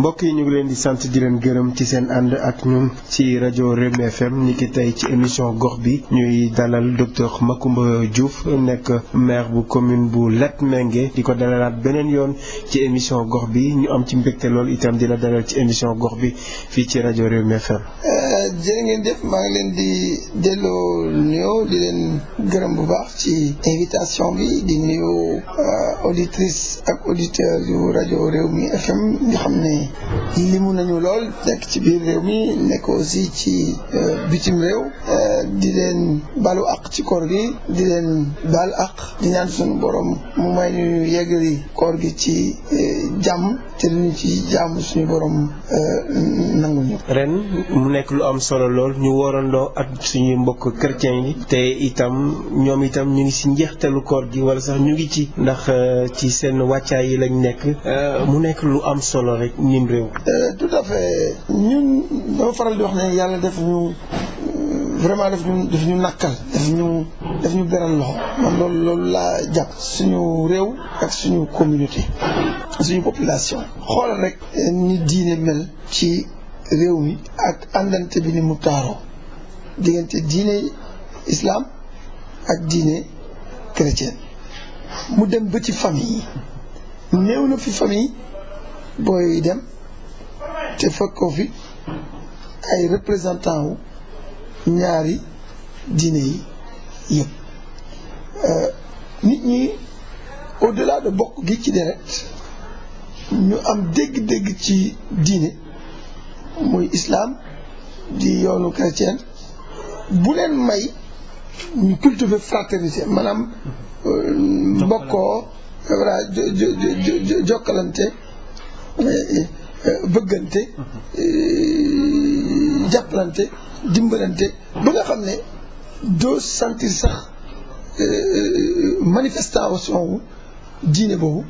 mbokk yi ñu ngi leen di sant di leen gërëm ci seen ànd ak ñun ci rajo Rewmi FM ñi ki tey ci émission gox bi ñuy dalal docteur Macoumba Diouf nekk maire bu commune bu Latmingué di ko dalalaat beneen yoon ci émission gox bi ñu am ci mbégte lool itam di la dalal ci émission gox bi fii ci rajo Rewmi FM. Euh, jërë ngeen def maa ngi leen di delloo nuyoo di leen gërëm bu baax ci invitation bi di nuyu euh, auditrice ak auditeur yu rajo Rewmi FM ñu xam ne lii mu nañu lool nekk ci biir réew mi nekk aussi ci euh, bitim réew euh, di leen balu ak ci koor gi di leen bal ak di ñaan suñu borom mu may ñu yeggali koor gi ci euh, jàmm te ñu ci jàmm suñu boroom nangul ñu ren mu nekk lu am solo lool ñu woorandoo ak suñu mbokk chrétien yi te itam ñoom itam ñu ngi si njeextalu koor gi wala sax ñu ngi ci ndax ci seen wàccaay yi lañ nekk mu nekk lu am solo rek ñim réew. Euh, tout à fait ñun dama faral di wax ne yàlla def ñu vraiment daf ñu daf ñu nakkal daf ñu daf ñu beral loxo man loolu loolu laa jàpp suñu réew ak suñu communauté suñu population xool rek ni diine mel ci réew mi ak àndante bi ni mu taaroo diggante diine islaam ak diine chrétienne mu dem ba ci famille yi néew na fi famille booy dem te fekkoo fi ay représentant wu ñaari diine yi yëpp euh, nit ñi au-delà de bokk gi ci deret ñu am dégg-dégg ci diine muy islam di yoonu chrétien bu leen may ñu cultiver fraternité maanaam euh, mbokkoo voilà jokkalante Euh, bëggante euh, jàppalante dimbalante ba nga xam ne doo sentir sax euh, manifestation diine boobu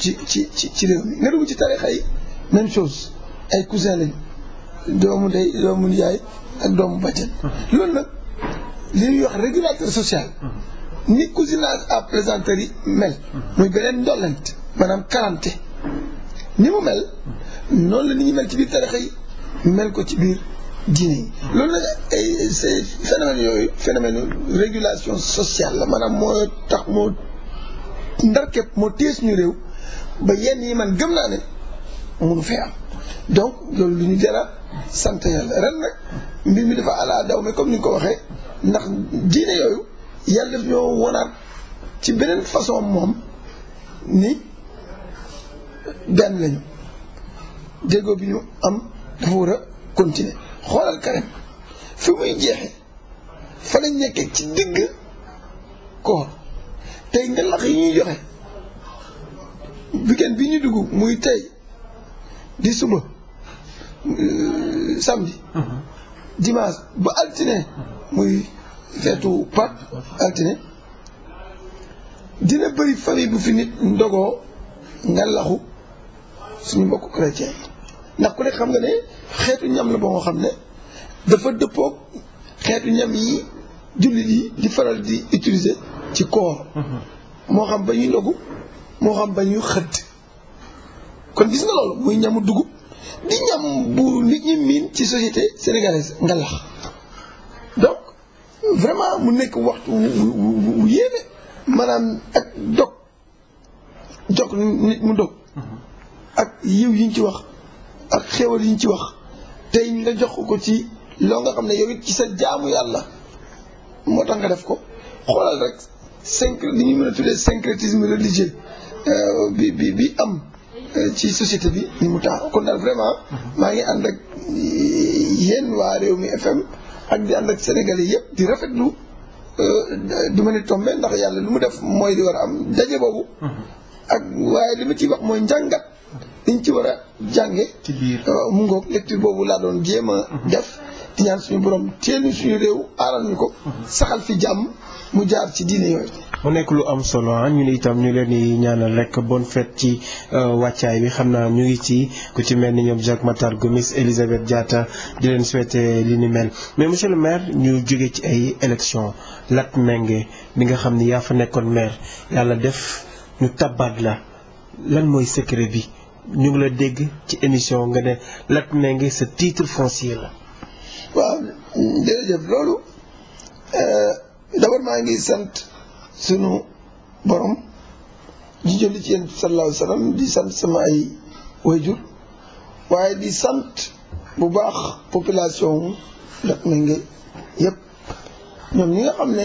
ci ci ci ci réew mi nga dugg ci tarixa yi même chose ay cousin lañ doomu day doomu yaay ak doomu bàjjen loolu nag li ñuy wax régulateur social ni cousinage à plaisanterie mel muy beneen ndollent maanaam kalante ni mu mel noonu la ni ñu mel ci biir tarixa yi mel ko ci biir diine yi loolu nag ay c'est phénomène yooyu phénomène régulation sociale la maanaam moo tax moo ndar képp moo téye suñu réew ba yenn yi man gëm naa ne munu fee am donc loolu lu ñu jara sant yàlla ren nag mbir mi dafa ala daw mais comme ni nga ko waxee ndax diine yooyu yàlla daf ñoo wonaat ci beneen façon moom ni benn lañu déggoo bi ñu am dafa war a continuer xoolal Karim fi muy jeexe fa lañ nekkee ci digg koor tey ngelax yi ñuy joxe weekend bi ñu dugg muy tey di suba samedi dimanche ba altine muy feetu pat altine dina bëri famille bu fi nit ndogoo ngelaxu suñu mbokku chrétien yi ndax ku nekk xam nga ne xeetu ñam la boo nga xam ne dafa dëppoog xeetu ñam yi jullit yi di faral di utiliser ci koor mm-hmm. moo xam ba ñuy ndogu moo xam ba ñuy xëdd kon gis nga loolu muy ñamu dugub di ñam bu nit ñi miin ci société sénégalaise nga lax donc vraiment mu nekk waxtu wu yéene maanaam ak dog jog nit mu dog mm-hmm. ak yiw yi ñu ci wax ak xéwal yi ci wax tey nga jox ko ci loo xam ne yow it ci sa jaamu yàlla moo tax nga def ko xoolal rek sync li mën a tuddee syncrétisme religieux euh, bi bi bi am euh, ci société bi ni mu taa kon daal vraiment maa ngi ànd ak yéen waa réew mi FM ak di ànd ak sénégalais yëpp di rafetlu euh, du ma ne tombé ndax yàlla lu mu def mooy di war a am daje boobu mm-hmm. ak waaye li ma ciy wax mooy njàngat liñ ci war a jànge ci biir euh, mu ngoog lecture boobu laa doon jéem a mhm. def di ñaan suñu borom teenu suñu réew aaral ñu ko mhm. saxal fi jàmm mu jaar ci diine yooyu mu nekk lu am solo ah ñu ne itam ñu leen di ñaanal rek bon fête ci euh, wàccaay bi xam naa ñu ngi ci ku ci mel ni ñoom Jacques Matar Gomis Elisabeth Diatta di leen souhaiter li ni mel mais monsieur le maire ñu jóge ci ay élection Lat Mbengue bi nga xam ni yaa fa nekkoon maire yàlla def ñu tabaat la lan mooy secret bi ñu ngi la dégg ci émission nga ne Lat Mbengue sa titre foncier la. waaw jërëjëf loolu euh, d'abord maa ngi sant sunu borom di jënd ci yéen sallallahu alayhi wa di sant sama ay wayjur waaye di sant bu baax population Lat Mbengue yëpp ñoom ñi nga xam ne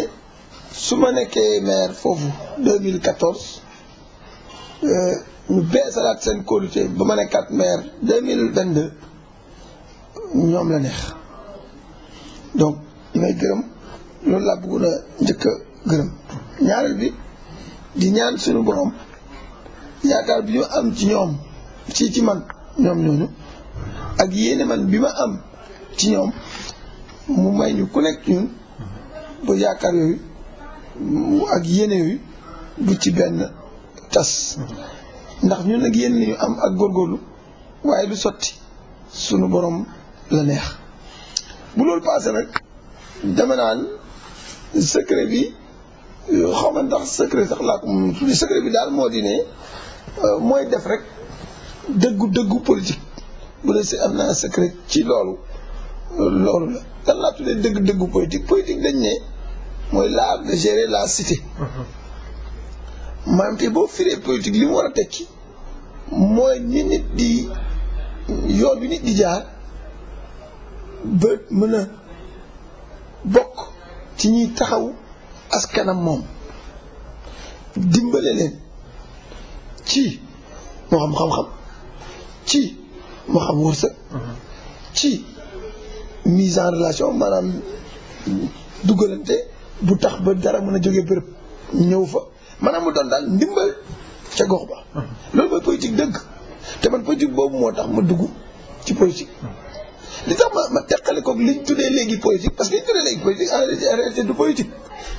su ma nekkee maire foofu 2014. ñu beesalaat seen kóolute ba ma ne 4 mai 2022 ñoom la neex donc li may gërëm loolu laa bëggoon a njëkk a gërëm ñaareel bi di ñaan suñu borom yaakaar bi ñu am ci ñoom ci ci man ñoom ñooñu ak yéene man bi ma am ci ñoom mu may ñu ku nekk ñun ba yaakaar yooyu ak yéene yooyu bu ci benn tas ndax ñun ak yéen ñu am ak góorgóorlu waaye du sotti sunu borom la neex bu loolu passé nag dama naan secret bi xaw ma sax laa ko moom tuuti secret bi daal moo di ne euh, mooy def rek dëggu dëggu politique bu dee si am naa secret ci loolu loolu la dan laa tuddee dëgg dëggu politique politique dañ ne mooy l'art de gérer la cité mhm. maanaam tey boo firee politique li mu war a tekki mooy ni nit di yoon bi nit di jaar ba mën a bokk ci ñuy taxaw askanam moom dimbale leen ci moo xam xam-xam ci moo xam wërsëg ci mise en relation maanaam dugalante bu tax ba dara mën a jóge bërëb ñëw fa maanaam mu doon daal ndimbal ca gox ba loolu mooy politique dëgg te man politique boobu moo tax ma dugg ci politique li tax ma ma teqale koog liñ tuddee léegi politique parce que liñ tuddee léegi politique en réalité du politique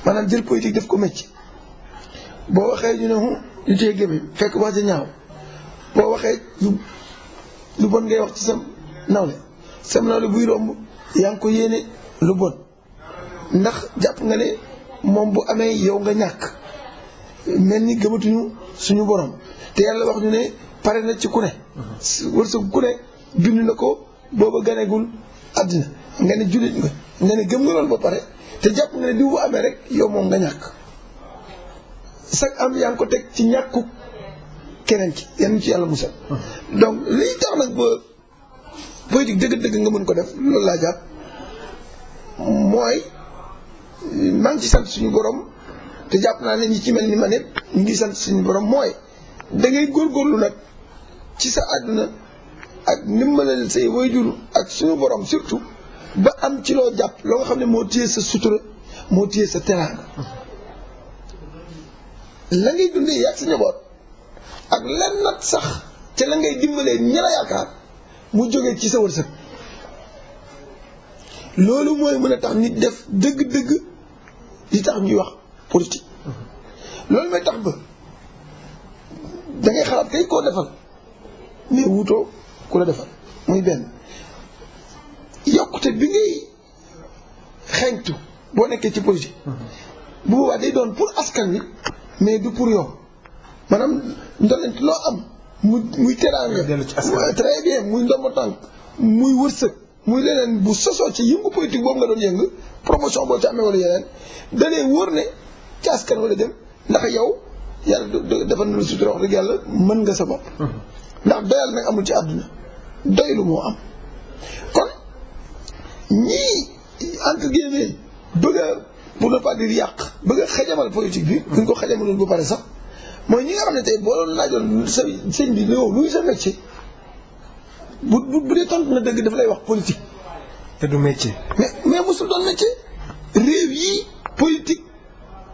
maanaam jël politique def ko métier boo waxee ñu ne ñu téye gémmiñ fekk wax ja ñaaw boo waxee lu lu bon ngay wax ci sem nawle sam nawle buy romb yaa ngi ko yéene lu bon ndax jàpp nga ne moom bu amee yow nga ñàkk mel ni gëmatuñu suñu borom te yàlla wax ñu ne pare na ci ku ne. wërsëg ku ne bind na ko booba ganegul àddina nga ne jullit nga nga ne gëm nga loolu ba pare te jàpp nga ne diw bu amee rek yow moom nga ñàkk. sag am yaa ngi ko teg ci ñàkkuk keneen ki yan ci yàlla musal. donc liy tax nag ba politique dëgg-dëgg nga mën ko def loolu laa jàpp mooy maa ngi ci sant suñu borom. te jàpp naa ne ñi ci mel ni ma ne ñu ngi sant suñu borom mooy dangay góor góorlu nag ci sa àdduna ak ndimbalal say wayjur ak suñu borom surtout ba am ci loo jàpp loo nga xam ne moo téye sa sutura moo téye sa teraanga la ngay dundee yàgg sa njaboot ak lan nag sax te la ngay dimbalee ña la yaakaar mu jógee ci sa wërsëg loolu mooy mën a tax nit def dëgg-dëgg li tax ñuy wax politique. loolu mooy tax ba da ngay xalaat kay koo defal mais wutoo ku la defal muy benn yokkute bi ngay xeeñtu boo nekkee ci politique. bu boobaa day doon pour askan wi mais du pour yow maanaam ndolent loo am muy muy teraanga très bien muy ndombo tànk muy wërsëg muy leneen bu sosoo ci yëngu politique boobu nga doon yëng promotion boo ci amee wala yeneen da lay ne ci askan wala dem ndax yow yàlla dafa na lu sutura wax dëgg yàlla mën nga sa bopp. Mhm. ndax doyal nag amul ci àdduna doylu moo am kon ñii entre guillemets bëgg a pour ne pas dire yàq bëgg a xajamal politique bi. lu mhm. ñu ko xajamaloon ba pare sax mooy ñi nga xam ne tey boo doon laajoon sa sëñ bi yow luy sa métier bu bu dee tontu na dëgg daf lay wax politique. te du métier. mais mais mosul doon métier réew yi politique.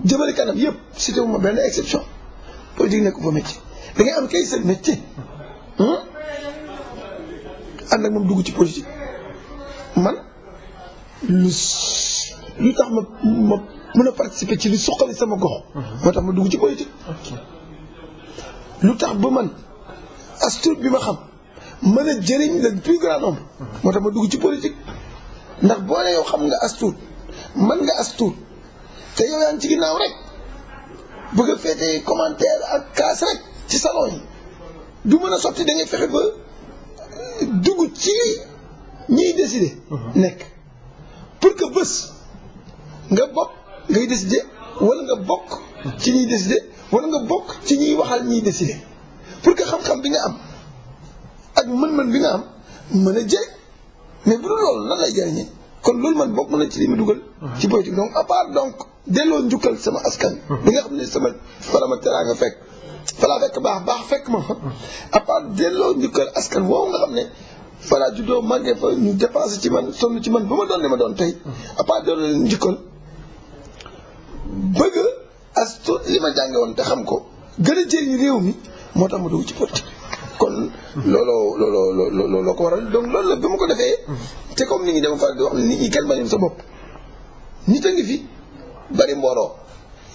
jëmale kanam yëpp cité wu ma benn exception politique nekk fa métier da ngay am kay seen métier hmm? ànd nag moom dugg ci politique man lu lu tax ma ma mën a participer ci lu suqali sama gox. Hmm. moo tax ma dugg ci politique. lu tax ba man astuce bi ma xam mën a jëriñ le plus grand nombre. Hmm. moo tax ma dugg ci politique ndax boo ne yow xam nga astuce man nga astuce. te yow yaa ci ginnaaw rek bëgg a féetee commentaire ak kaas rek ci salon yi du mën a sotti da ngay fexe ba euh, dugg ci ñiy décider. Uh-huh. nekk pour que bés nga bokk ngay décider wala nga bokk ci ñiy décider wala nga bokk ci ñiy waxal ñiy décider pour que xam-xam bi nga am ak mën-mën bi nga am mën a jëriñ mais bu dul loolu lan lay jëriñee kon loolu man bokk na ci li mu dugal. Uh-huh. ci politique donc à part donc. delloo njukkal sama askan bi mm-hmm. nga xam ne sama ma teraanga fekk falaa fekk baax baax fekk ma fa mm-hmm. à part delloo njukkal askan woowu nga xam ne falaa juddoo màggee fa ñu dépensé ci man sonn ci man ba ma doon li ma doon tey mm-hmm. à part li ma jànge woon te xam ko gën a jëriñ réew mi moo tax ma dugg ci politique kon looloo looloo looloo ko waral donc loolu la bi ma ko defee te comme nit ñi dama faral di wax ne nit ñi kenn bañul sa bopp nit a ngi fi bari mbooloo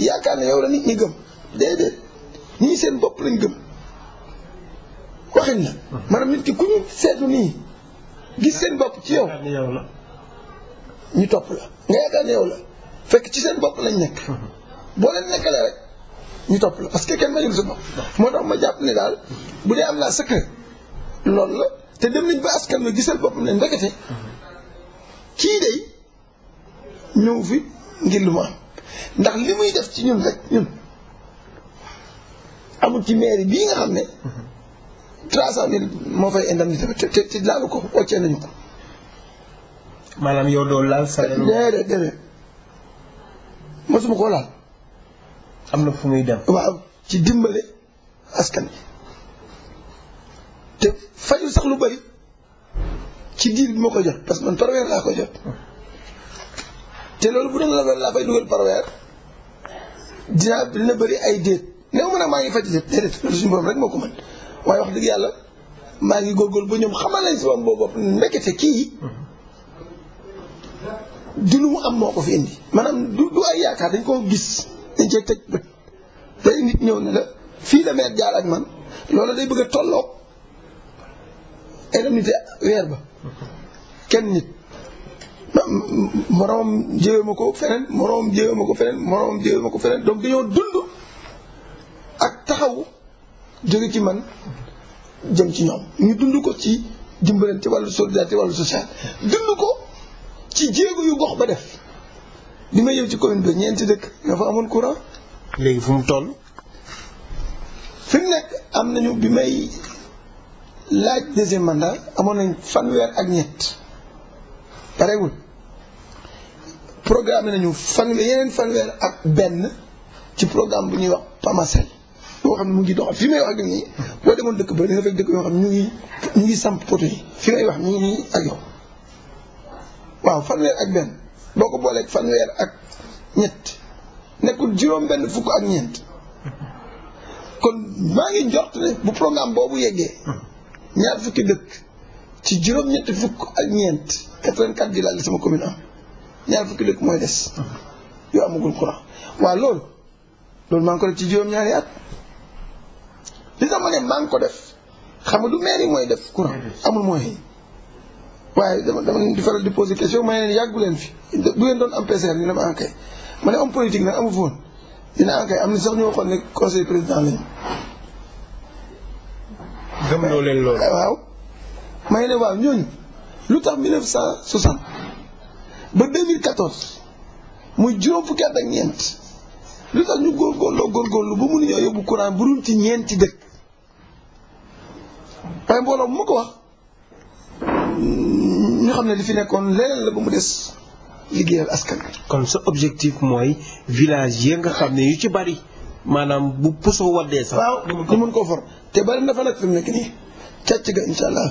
yaakaar ne yow la nit ñi gëm déedéet ñii seen bopp lañ gëm waxin la maanaam nit ki ku ñu seetu nii gis seen bopp ci yow ñu topp la nga yaakaar ne yow la fekk ci seen bopp lañ nekk mhm. boo leen nekkalee rek ñu topp la parce que kenn bañul sa bopp moo tax ma jàpp ne daal bu dee am naa secret loolu la te dem nañ ba askan wi gisal boppam ne ndekete mhm. kii day ñëw fi ngir lu ma am ndax li muy def ci ñun rek ñun amul ci mairie bii nga xam ne trois cent mille moo fay indemnité te te te laalu ko wocce nañu ko. maanaam yow doo laal sa. déedéet déedéet mosuma koo laal. am na fu muy dem. waaw ci dimbale askan bi te fajul sax lu bëri ci diir bi moo ko jot parce que man par laa ko jot te loolu bu doon la laa fay dugal par dina dina bëri ay déet néew ma nag maa ngi faj déet déedéet suñu borom rek moo ko mën waaye wax dëgg yàlla maa ngi góorgóorlu ba ñoom xamal nañ si wàllum boobu ndekete kii du lu mu am moo ko fi indi maanaam du du ay yaakaar dañ koo gis dañ cee teg bët tey nit ñëw ne la fii la meer jaar ak man loolu day bëgg a tolloog indemnité weer ba kenn nit. moroomam jëwee ma ko feneen moroomam jëwee ma ko feneen moroomam jëwee ma ko feneen donc dañoo dund ak taxaw jóge ci man jëm ci ñoom ñu dund ko ci dimbalante wàllu solidarité wàllu social dund ko ci jéego yu gox ba def li ma yëw ci commune bi ñeenti dëkk ñoo fa amoon courant léegi fu mu toll fi mu nekk am nañu bi may laaj deuxième mandat amoon nañ fanweer ak ñett parewul programme nañu fanweer yeneen fanweer ak benn ci programme bu ñuy wax PAMACEL boo xam ne mu ngi doxal fi may wax ak nii demoon dëkk ba di nga dëkk yoo xam ñu ngi ñu ngi samp poto yi fi may wax ñu ngi nii ak yow waaw fanweer ak benn boo ko booleeg fanweer ak ñett nekkul juróom benn fukk ak ñeent kon maa ngi njort ne bu programme boobu yeggee ñaar fukki dëkk ci juróom-ñetti fukk ak ñeent 84 villages la sama commune am ñaar fukki dëkk mooy des yoo amagul courant waaw loolu loolu maa ngi ko def ci juróom-ñaari at li tax ma ne maa ko def xam nga du maire mooy def courant amul moyen yi waaye dama dama leen di faral di poser question ma ne leen fi bu ngeen doon am PCR ñu dem ankay ma ne om politique nag amul foon dina ankay am na sax ñu waxoon ne conseil président lañu gëm loo leen loolu waaw may ne waaw ñooñu lu tax ba 2014 muy juróom fukki at ak ñeent lu tax ñu góorgóorloo góorgóorlu ba mënuñoo yóbbu courant bu dul ci ñeenti dëkk waaye mbooloo bu ko wax ñu xam ne li fi nekkoon leneen la ba mu des liggéeyal askan kon sa objectif mooy village yi nga xam ne yu ci bari maanaam bu puso waddee sax. waaw ñu mën koo for te bari na fa nag fi mu nekk nii càcc ga incha allah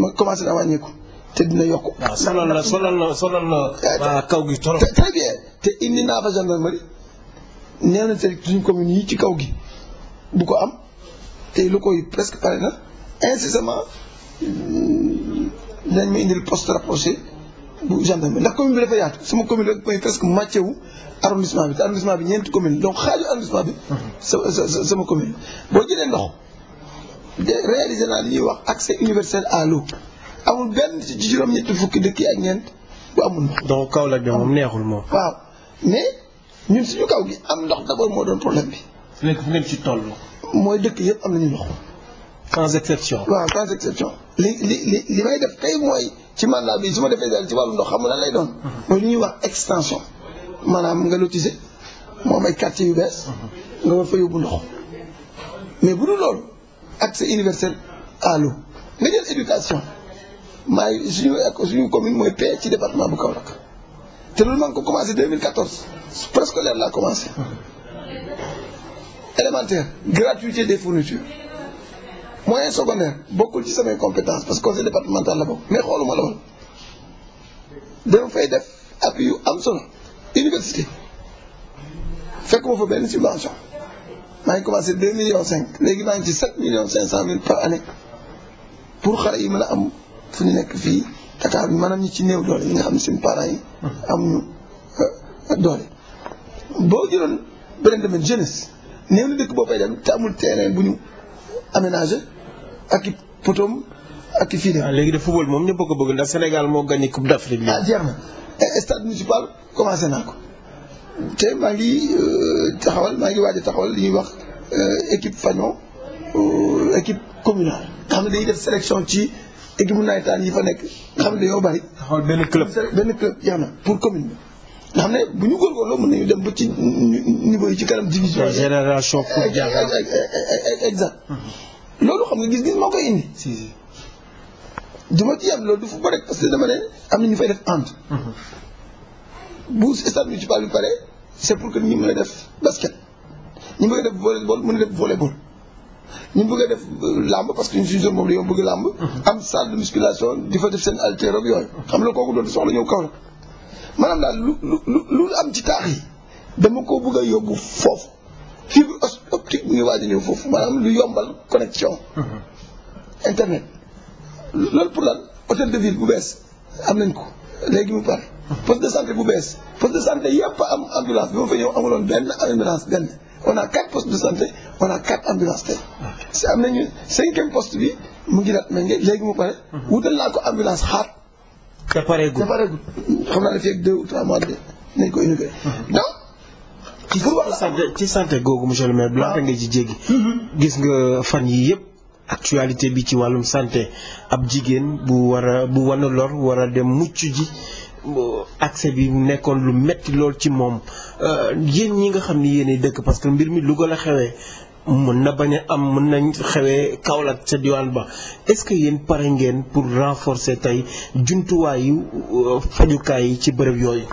ma commencé naa wàññeeku. te dina yokk. waaw sonal la sonal la sonal la kaw gi trop. très te indi naa fa gendarmerie nee na te suñ commune yi ci kaw gi bu ko am te lu koy presque pare na incessamment dinañ mm, ma indil poste rapproché bu gendarmerie ndax commune bi dafa yaatu sama commune rek mooy presque wu arrondissement bi bi ñeenti commune donc xaaju arrondissement bi. Mhm. sa sa sama commune boo jëlee ndox. de réaliser naa li ñuy wax accès universel à l'eau amul benn ci juróom-ñetti fukki dëkk yi ak ñeent bu amul ndox. donc Kaolack bi moom neexul moom. waaw mais ñun suñu kaw gi am ndox d'abord moo doon problème bi. léegi fu ngeen ci toll. mooy dëkk yëpp am nañu ndox. sans exception. waaw sans exception li li li li may def tey mooy ci mandat bi su ma defee daal ci wàllu ndox xam nga lay doon. Mhm. mooy li ñuy wax extension. maanaam nga lotisé moom ay quartier yu bees. Mhm. nga war fa yóbbu ndox. mais bu dul loolu accès universel à maa ngi suñu ak suñu commune mooy P ci département bu Kaolack te loolu maa ngi ko commencé 2014 préscolaire laa commencé. élémentaire gratuité des fournitures moyen secondaire bokkul ci samay compétence parce que conseil départemental la bokk mais xooluma la woon fay def appui yu am solo université fekk ma fa benn subvention maa ngi commencé deux millions cinq léegi maa ngi ci sept millions cinq cent mille par année pour xale yi mën a am. fu ñu nekk fii Dakar bi maanaam ñi ci néew doole ñi nga xam ne seen parents yi amuñu euh, doole boo jëloon beneen domaine jeunesse néew na dëkk boo fay dem te amul terrain bu ñu aménagé ak i potoom ak i fii ah, léegi de football moom ñëpp ko bëgg ndax Sénégal moo ku coupe d'Afrique ah jeex na stade municipal commencé naa ko te maa ngi euh, taxawal maa ngi waaj taxawal li ñuy wax euh, équipe fagnon équipe communale nga xam ne dañuy def sélection ci équipe nawetaan yi fa nekk nga xam ne dañoo bari. taxawal benn club benn club jeex na pour commune bi. nga xam ne bu ñu góorgóorloo mën nañu dem ba ci niveau yi ci kanam division. génération pour jàppale exact loolu xam nga gis-gis moo koy indi. si si. du ma ci yem loolu du fu ba rek parce que dama ne am ñu fay def ant bu stade municipal bi pare c' est pour que ñu mun a def basket ñu mën a def volleyball mën a def volleyball. ñu bëgg def làmb parce que ñu suñu zone moom dañoo bëgg làmb am salle de musculation di fa def seen haltère ak yooyu xam la kooku doon soxla ñëw kaw la maanaam daal lu lu lu am ci taax yi dama ko bëgg a yóbbu foofu fibre optique bu ngi waaj a ñëw foofu maanaam lu yombal connexion internet loolu pour lan hôtel de ville bu bees am nañ ko léegi mu pare poste de santé bu bees poste de santé yëpp am ambulance bi ma fa ñëw amuloon benn ambulance benn on a post de santé on a quatre ambulances si am nañu cinquième post bi mu ngi dat mais léegi mu pare. Mhm. wutal naa ko ambulance xaar. te pareegul te pareegul xam naa ne fii ak deux ou de nañ ko inauguré. Mhm. donc ci santé ci santé googu monsieur le maire. waaw laata nga ci jéggi. Mhm. gis nga fan yii yëpp. actualité bi ci wàllum santé ab jigéen bu war a bu wan lor war a dem mucc ji. accès bi nekkoon lu metti lool ci moom euh, yéen ñi nga xam ni yéenay dëkk parce que mbir mi Louga la xewee mën na bañ a am mën nañ xewee Kaolack sa diwaan ba est-ce que yéen pare ngeen pour renforcer tey jumtuwaayu euh, fajukaay yi ci bërëb yooyu.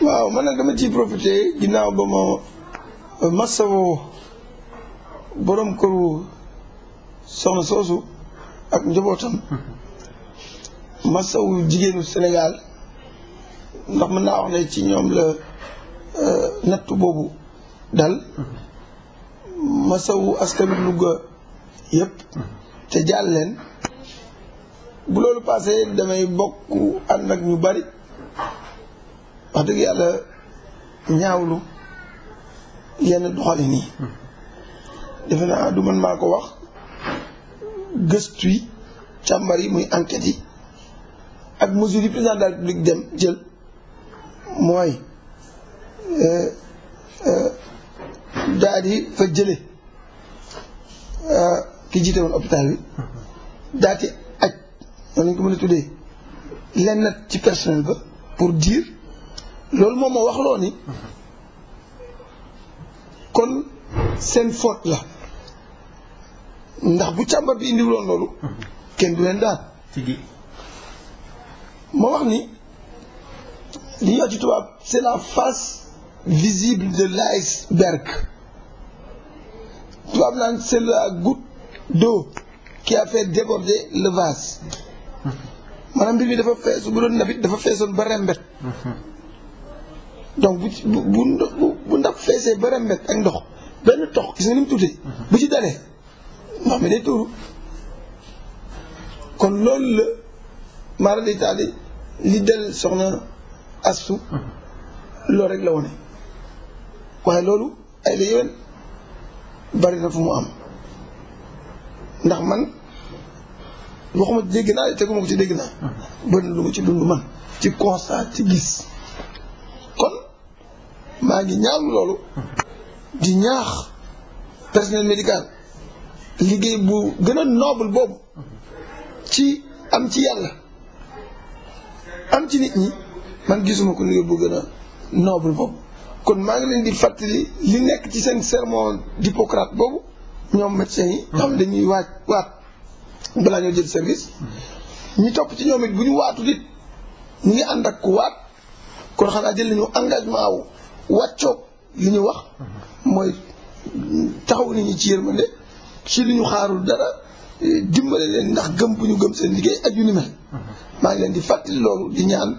waaw man nag dama ci profité ginnaaw ba ma masawoo ak njabootam. jigéenu Sénégal. ndax mën naa wax ne ci ñoom la euh, nattu boobu dal masawu askanu Louga yëpp te jàll bu loolu paasee damay bokk ànd ak ñu bari wax dëgg yàlla ñaawlu yenn doxalin yi defe naa du man maa ko wax gëstu yi càmbar yi muy enquête yi ak mesures yi président de la République dem jël mooy euh, euh, daal di fa jële euh, ki jiite woon hôpital bi daal di aj noonu ñu ko mën tuddee lenn ci personnel ba pour dire loolu moom moo wax loo ni kon seen faute la ndax bu càmbar bi indiwuloon loolu kenn du leen daan moo wax ni li yor ci tubaab c'est la face visible de l'iceberg tubaab naan c'est la goutte d'eau qui a fait déborder le vase maanaam mbir mi dafa fees bu doon nabit dafa feesoon ba rembet donc bu bu bu feesee ba rembet ak ndox benn tox gis nga ni mu bu ci dalee ndox mi day tuuru kon loolu la maara di taali li del soxna astu loolu rek la wone waaye loolu ay la yéwén bari na fu mu am ndax man waxuma dégg naa teguma ko ci dégg naa bari na lu ma ci dund man ci constat ci gis kon maa ngi ñaawlu loolu di ñaax personnel médical liggéey bu gën a noble boobu ci am ci yàlla am ci nit ñi man gisuma ko ni bu gën a noble boobu kon maa ngi leen di fàttali li nekk ci seen sermon d'Hippocrate boobu ñoom médecins yi xam ne hmm. dañuy waaj waat balaa ñoo jël service hmm. ñu topp ci ñoom it bu ñu waatul it ñu ngi ànd ak ku waat kon xanaa jël nañu engagement wu wàccoog li ñu wax hmm. mooy taxaw nañu ci yërmande si lu ñu xaarul dara dimbale leen ndax gëm bu ñu gëm seen liggéey ak yu ni mel maa ngi leen di fàttali loolu di ñaan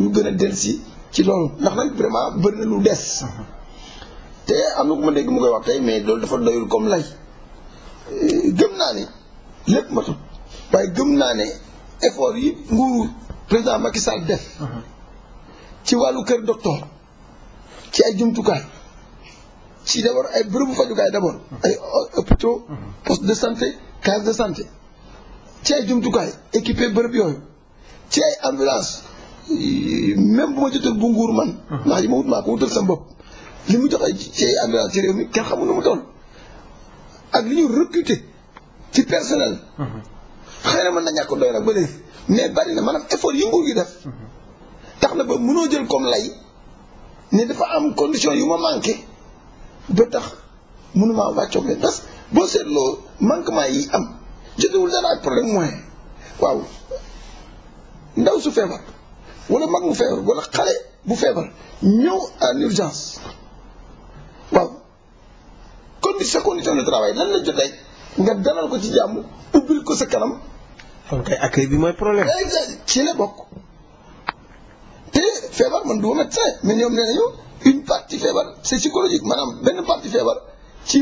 ñu gën a delsi ci loolu ndax nag vraiment bëri na lu des te am na ku ma dégg mu koy wax tey mais loolu dafa doyul comme gëm naa ne lépp matut waaye gëm naa ne effort yi nguur président Macky Sall def ci wàllu kër docteur ci ay jumtukaay ci d'abord ay bërëbu fajukaay d'abord ay hôpitaux poste de santé case de santé ci ay jumtukaay équipé bërëb yooyu ci ay ambulance même bu ma jotee bu nguur man. Uh-huh. ndax ji ma wut maa ko wutal sa bopp. li mu joxe ci a ci réew mi kenn xamul nu mu toll ak li ñu recruter ci personnel. Uh-huh. xëy na mën na ñàkk doy nag ba léegi mais bari na maanaam effort yi nguur gi def. Uh-huh. tax na ba mënoo jël comme lay ne dafa am condition yu ma manqué ba tax mënumaa wàccoog leen parce que boo seetloo manquement yi am jotewul dara ak problème moyen waaw ndaw su feebar. wala mag mu feebar wala xale bu feebar ñëw en urgence waaw kon di sa condition de travail lan la jotee nga dalal ko ci jàmm ubbil ko sa kanam. kon kay accueil bi mooy problème. ci la bokk te feebar man du ma médecin mais ñoom nee nañu une partie feebar c'est maanaam benn partie feebar ci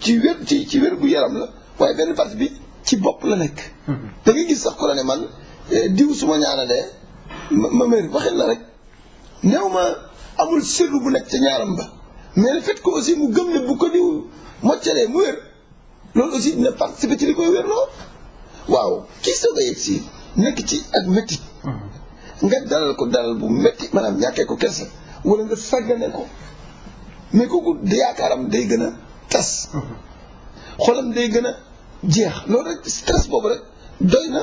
ci wér ci ci wér gu yaram la waaye benn partie bi ci bopp la nekk. Mm-hmm. da nga gis sax ko la ne man eh, diw su ma de ma ma mère waxin la rek néew ma amul sirru bu nekk ca ñaaram ba mais le fait que aussi mu gëm ne bu ko diw moccalee mu wér loolu aussi dina participer ci li koy wér lool waaw kii soog a yegg si nekk ci ak métti nga dalal ko dalal bu métti maanaam ñàkkee ko kersa wala nga sàggane ko mais kooku yaakaaram day gën a tas xolam day gën a jeex loolu rek stress boobu rek doy na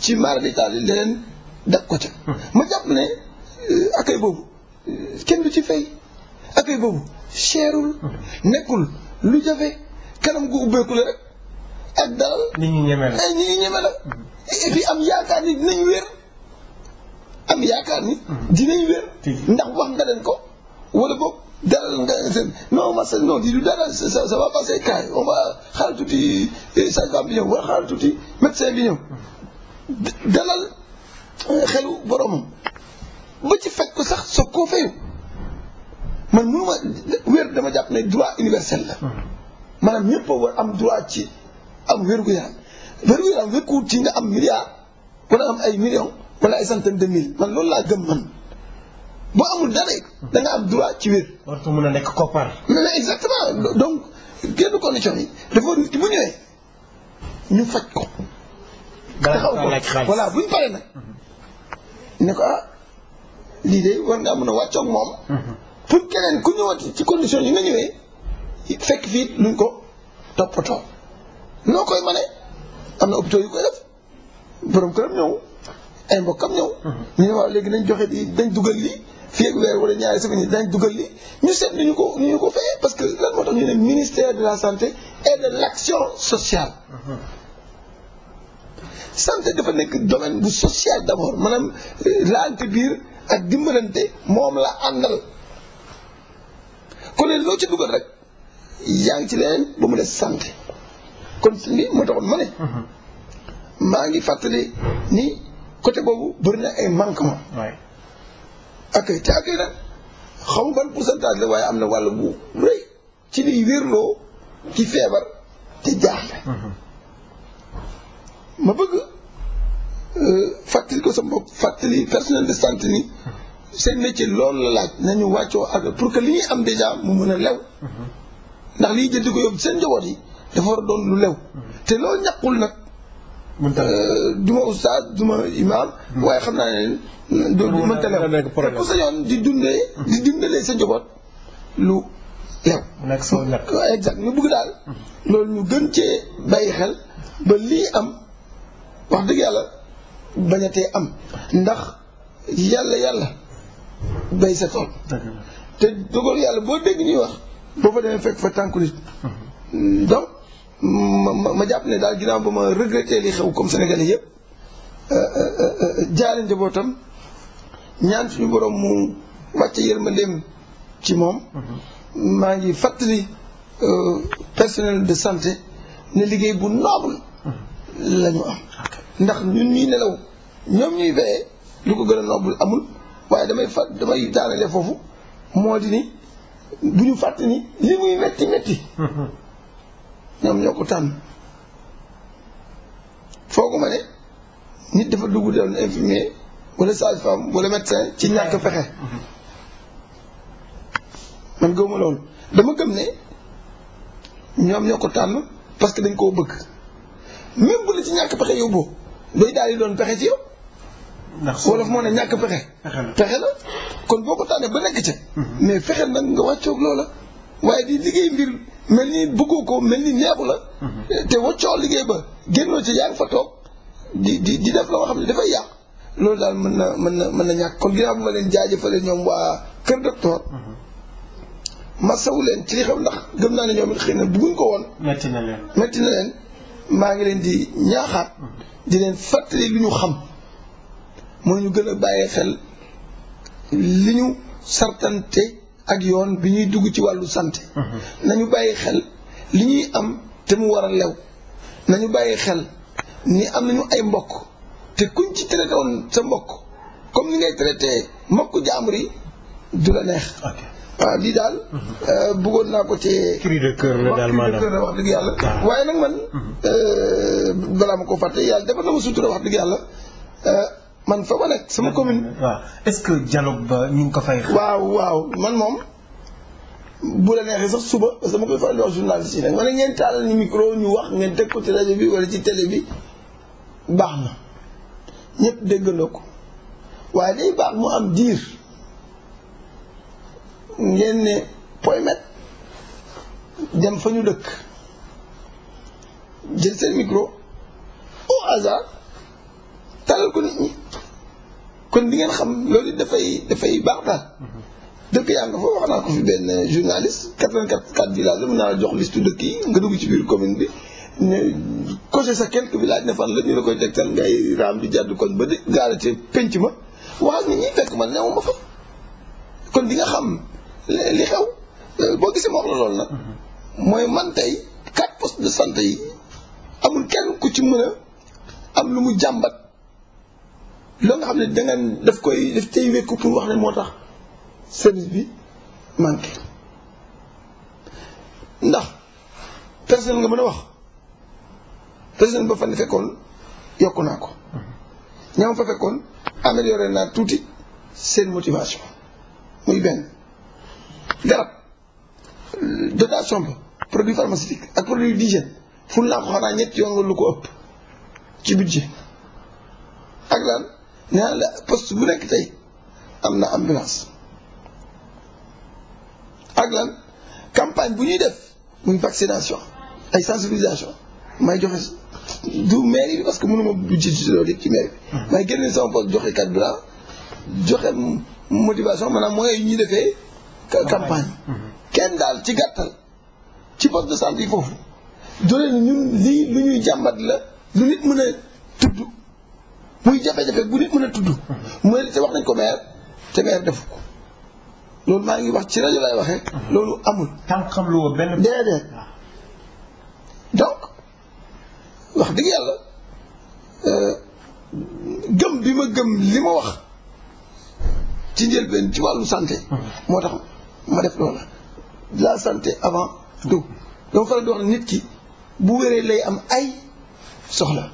ci mara di taal leneen dab ko ca. ma jàpp ne euh, accueil boobu euh, kenn du ci fay accueil boobu cherul. nekkul lu jafe kanam gu ubbeeku la rek ak dalal. nit ñi ñeme la ay nit ñi ñeme la. et am yaakaar ni dinañ wér. am yaakaar ni. Mm-hmm. dinañ wér. ndax wax nga leen ko wala boog dalal nga seen non ma non di du dara ça ça va passer kaay on va xaar tuuti euh, sage-femme bi ñëw wala xaar tuuti médecin bi ñëw dalal. xelu boromam ba ci faj ko sax soog koo fayu man mënu ma wér dama jàpp ne droit universel la maanaam ñëpp a war am droit ci am wér-gu-yaram wér-gu-yaram wékkuwut ci nga am milliard wala am ay million wala ay centaine de mille man loolu laa gëm man boo amul dara da nga am droit ci wér. war nga mën a nekk koppar. mais exactement donc génn condition yi dafa nit bu ñëwee ñu faj ko. taxaw ko voilà bu ñu paree nag. ni ko ah lii de war ngaa mën a wàccoog moom. Mhm. pour keneen ku ñëwaat ci condition yi nga ñëwee fekk fii luñ ko toppatoo noo koy mane am na hôpitaux yu koy def borom këram ñëw ay mbokkam ñëw. Mhm. ñu ne waaw léegi nañ joxe di dañ dugal lii fii ak weer wala ñaari semaine yi dañ dugal lii ñu seet ni ñu ko ni ñu ko fayee parce que lan moo tax ñu ne ministère de la santé et de l' sociale. Mhm. santé dafa nekk domaine bu social d'abord maanaam euh, laante biir ak dimbalante moom la àndal kon loo ci dugal rek yaa ngi ci leneen ba mu des santé kon suñ bi moo taxoon ma ne mhm. maa ngi fàttali ni côté boobu bëri na ay manquement akay te akay nag xamu ban pourcentage la waaye am na wàll bu rëy ci liy wérloo ci feebar te jaaxle mhm. ma bëgg euh, fàttali ko sama bopp fàttali personnel de santé ni seen métier loolu la laaj nañu wàccoo ak pour que li ñuy am déjà mu mën a lew ndax lii jënd ko yóbbu seen njaboot yi dafa doon lu lew te loolu ñàkkul nag euh, du ma oustaz du ma imaam waaye xam naa ne euh, du mënta lew te ku sa yoon di dundee di dundalee sa njaboot lu lew exact ñu bëgg daal loolu ñu gën cee bàyyi xel ba lii am wax dëgg yàlla bañatee am ndax yàlla yàlla bay sa tool te dogal yàlla boo dégg ñuy wax boo fa demee fekk fa tànku nit mm-hmm. donc ma ma jàpp ne daal ginnaaw ba ma regretté li xew comme sénégalais yëpp euh, euh, euh, jaale njabootam ñaan suñu borom mu wàcce yërmandeem ci moom mm-hmm. maa ngi fàttali personnel de santé na liggéey bu noble mm-hmm. la am ndax ñun ñuy nelaw ñoom ñuy veillé lu ko gën a noobul amul waaye damay fa damay daanale foofu moo di ni bu ñu fàtte ni li muy metti metti ñoom ñoo ko tànn foogu ma ne nit dafa dugg doon infirmier wala sage-femme wala médecin ci ñàkk pexe mm-hmm. man gëwuma loolu dama gëm ne ñoom ñoo ko tànn parce que dañ koo bëgg même bu la ci ñàkk pexe yóbboo day daal yi doon pexe ci yow. ndax wolof moo ne ñàkk pexe. pexe la kon boo ko tànnee ba nekk ca. Mhm. mais fexe nag nga wàccoog la waaye di liggéey mbir mel ni bëggoo ko mel ni la. Mhm. te wàccoo liggéey ba génnoo ci yaa di di di def loo xam ne dafay yàq. loolu daal mën na mën na mën na ñàkk kon ginnaaw bi ma leen jaajëfalee ñoom waa Kër Docteur. Mhm. leen ci li xew ndax naa ne ñoom it xëy na ko woon. metti na leen metti na leen maa ngi leen di ñaaxaat. di leen fàttali lu ñu xam moo ñu gën a bàyyi xel li ñu sartante ak yoon bi ñuy dugg ci wàllu santé nañu bàyyi xel li ñuy am te mu war a lew nañu bàyyi xel ni am nañu ay mbokk te kuñ ci traité woon sa mbokk comme ni ngay traité mbokk jaambur yi du la neex waaw ah, lii daal. Euh, bëggoon naa ko cee. cri de cœur la daal maanaam wax dëgg yàlla. Ah. waaye nag man. Mhm. Euh, balaa ma ko fàtte yàlla defal na ma sutura wax dëgg yàlla euh, man fa ma nekk sama commune. waaw que dialogue ñu ko fay. waaw waaw man moom. bu la neexee sax suba parce que ma koy faral di wax journaliste yi nag ma ne ngeen taalal ñu micro ñu wax ngeen teg ko ci rajo bi wala ci télé bi baax na ñëpp déggandoo ko waaye day baax mu am diir. ngeen ne poymet dem fa ñu dëkk jël seen micro au hasard talal ko nit ñi kon di ngeen xam loolu dafay dafay baax daal dëkk yaa nga fa wax naa ko fi benn journaliste quatre-vingt-quatre quatre villages naa jox liste dëkk yi nga dugg ci biir commune bi ñu coché sa quelques villages ne fan la ñu la koy tegtal ngay raam di jàdd kon ba di gaara ci penc ma wax ak nit fekk man neewu ma fa kon di nga xam li xew boo gisee ma wax la loolu nag mooy man tay quatre postes de santé yi amul kenn ku ci mën a am lu mu jàmbat loo nga xam ne da daf koy daf tey wékku pour wax ne moo tax service bi manqué ndax personnel nga mën a wax personnel ba fa ne fekkoon yokku naa ko ñaam fa fekkoon amélioré naa tuuti seen motivation muy benn garab jotaa somp produit pharmaceutique ak produit d'hygiène ful naa ko xanaa ñett yoon lu ko ëpp ci budget ak lan nee la poste bu nekk tey am na ambulance ak lan campagne bu ñuy def muy vaccination ay sensibilisation may joxe du mairie bi parce que mënuma budget ci loolu ci mairie bi hmm. may génne sama poste joxe kat bi laa joxe motivation maanaam mooy ñuy defee campagne kenn daal ci gàttal ci poste de santé yi foofu doleen ñun lii lu ñuy jàmbat la lu nit mën a tudd muy jafe-jafe bu nit mën a tudd mooy te wax nañ ko maire te maire defu loolu maa ngi wax ci rajo lay waxee loolu amul tànkam lu donc wax dëgg yàlla euh, gëm bi ma gëm li ma wax ci njëlbeen ci wàllu santé hmm. moo tax ma def loola la santé avant tout dama faral di wax nit ki bu wéree lay am ay soxla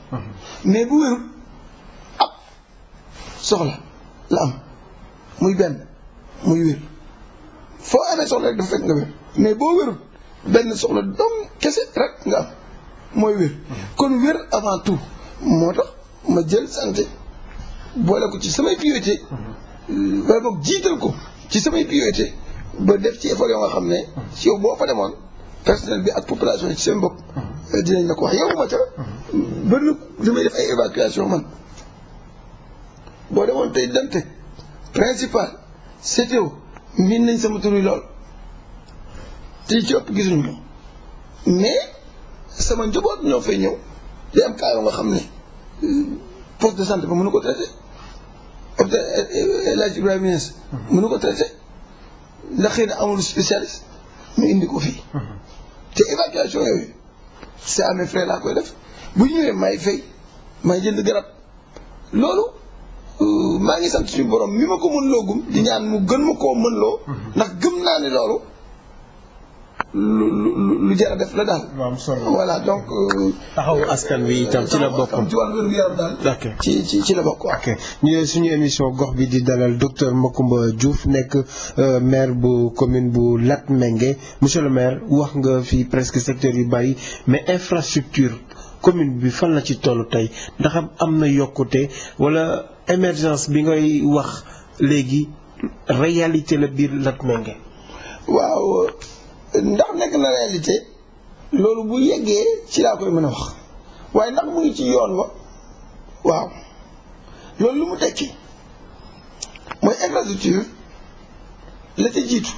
mais bu wérul ab soxla la am muy benn muy wér foo amee soxla rek dafa fekk nga wér mais boo wérul benn soxla doom kese rek nga am mooy wér kon wér avant tout moo tax ma jël santé boole ko ci samay priorité mhm. wala boog jiital ko ci samay priorité ba def ci effort yoo nga xam ne ci yow boo fa demoon personnel bi ak population ci seen bopp euh, dinañ na ko wax yow ma ca bëri na li may def ay évacuation man boo demoon tey dante principal CTO miin nañ sama tur yi lool te ci ëpp gisuñ ko mais sama njaboot ñoo fay ñëw day am cas yoo xam ne poste de santé ba mënu ko traité hôpital euh, euh, El Hadj Ibrahima ko traité ndax xëy amul spécialiste mu indi ko fii te évacuation yooyu ça mes frères laa koy def bu ñëwee may fay may jënd garab loolu euh, maa ngi sant suñu borom mi ma ko mën loogum di ñaan mu gën ma koo mën mm-hmm. ndax gëm naa ne loolu lu lu jar a def la daal. voilà donc. Euh, taxawu askan wi itam ci la bokk. ci wàllu wér-gu-yaram daal. ci ci ci la bokk waaw. ok ñu suñu émission gox bi di dalal docteur Macoumba Diouf nekk euh, maire bu commune bu Latmingué monsieur le maire wax nga fi presque secteur yu bari mais infrastructure commune bi fan la ci tollu tey ndax am na yokkute wala émergence bi ngay wax léegi réalité la biir Latmingué. waaw. ndax nekk na réalité loolu bu yeggee ci laa koy mën a wax waaye ndax mu ci yoon wa waaw loolu lu mu tekki mooy infrastructure la ca jiitu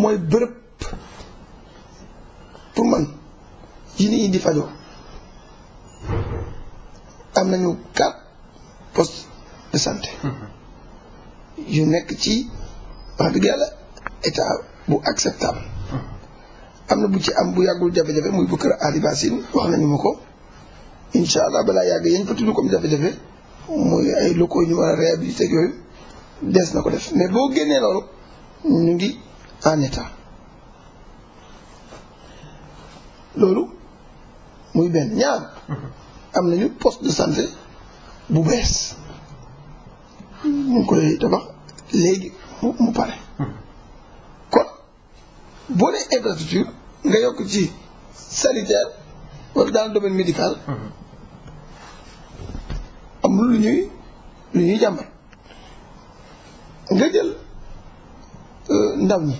mooy bërëb pour man ji nit ñi di fajoo am nañu quatre postes de santé mm-hmm. yu nekk ci wax dëgg yàlla état bu acceptable. am na bu ci am bu yàggul jafe-jafe muy bu kër Ali Bassine wax nañu ma ko incha allah balaa yàgg yañ fa tudd comme jafe-jafe muy ay locaux yu ñu war a réhabilité yooyu des na ko def mais boo génnee loolu ñu ngi en état loolu muy benn ñaar. am nañu poste de santé bu bees. ñu koy tabax léegi mu pare. boo dee infrastructure nga yokk ci sanitaire wala dans domaine médical. amul lu ñuy lu ñuy jàmbat nga jël euh, ndaw ñi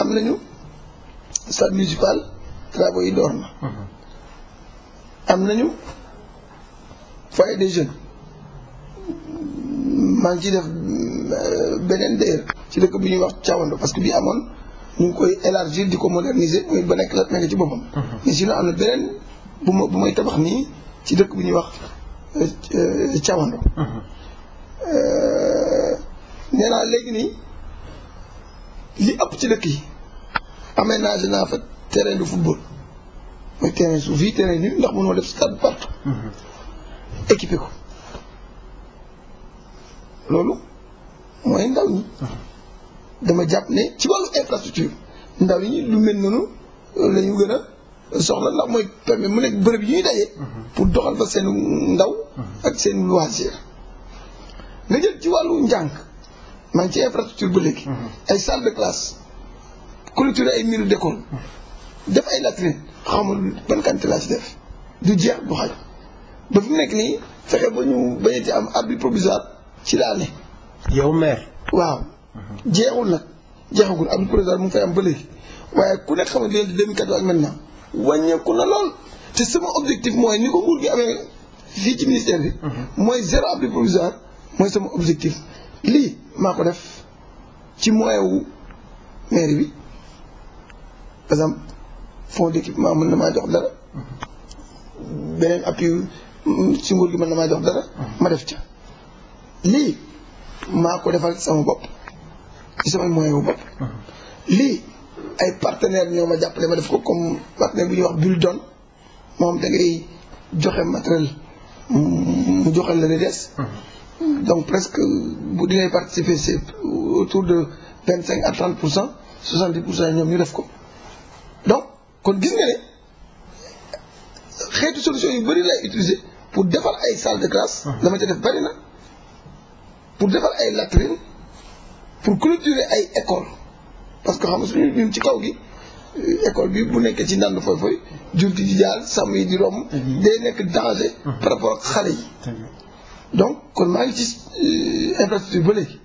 am nañu stade municipal travaux na. am nañu foyer des jeunes maa ngi def euh, beneen DER. ci dëkk bu ñuy wax Thiawando parce que bii amoon. ñu ngi koy élargir di ko moderniser mooy ba nekk la nekk ci boppam. mais mhm. sinon am na beneen bu ma bu may tabax nii ci dëkk bu ñuy wax euh, Thiawando. Euh, nee léegi nii li ëpp ci dëkk yi aménagé naa fa terrain de football mooy terrain suuf yi terrain nii ndax mënoo def stade partout. Mhm. équipé ko loolu mooy ndaw ñi. Mhm. dama jàpp ne ci wàllu infrastructure ndaw yi lu mel noonu euh, la ñu gën a soxla ndax mooy permettre mu nekk bërëb yi ñuy dajee mhm. pour doxal fa seen ndaw mhm. ak seen loisir nga jël ci wàllu njàng maa ngi ci infrastructure ba léegi mhm. ay salle de classe culture ay miru d'école def ay latrine xamul ban quantité laa ci def du jeex du xaj ba fi mu nekk nii fexe ba ñu ba ci am abri provisoire ci laa ne waaw jeexul nag jeexagul am président mu fay am ba léegi waaye ku nekk xam nga léegi 2014 ak maintenant wàññeeku na lool te sama objectif mooy ni ko nguur gi amee fii ci ministère bi. Mhm. mooy zéro abri provisoire mooy sama objectif. lii maa ko def ci moyen wu mairie bi par exemple fonds maa jox dara beneen appui ci mën na maa jox dara mhm. mhm. def ca lii maa ko defal sama bopp. ci sama moyen wu bopp. Uh-huh. lii ay partenaires ñoo ma jàppale ma def ko comme partenaire bu ñuy wax Bulldon moom da ngay joxe matériel mu joxal la li des. Uh-huh. donc presque bu dinañ participer c'est autour de vingt cinq à trente pour cent soixante dix pour cent ñoom ñu def ko donc kon gis nga ne. xeetu solution yu bëri lay utiliser pour defal ay salle de classe. Uh-huh. dama ca def bëri na pour defal ay latrines. pour clôturer ay école parce que xam nga suñu ñun ci kaw gi euh, école bi bu nekkee ci ndànd foy foy jur gi di jaar sàmm yi di romb day nekk danger par rapport ak xale yi donc kon maa ngi ci euh, infrastructure ba léegi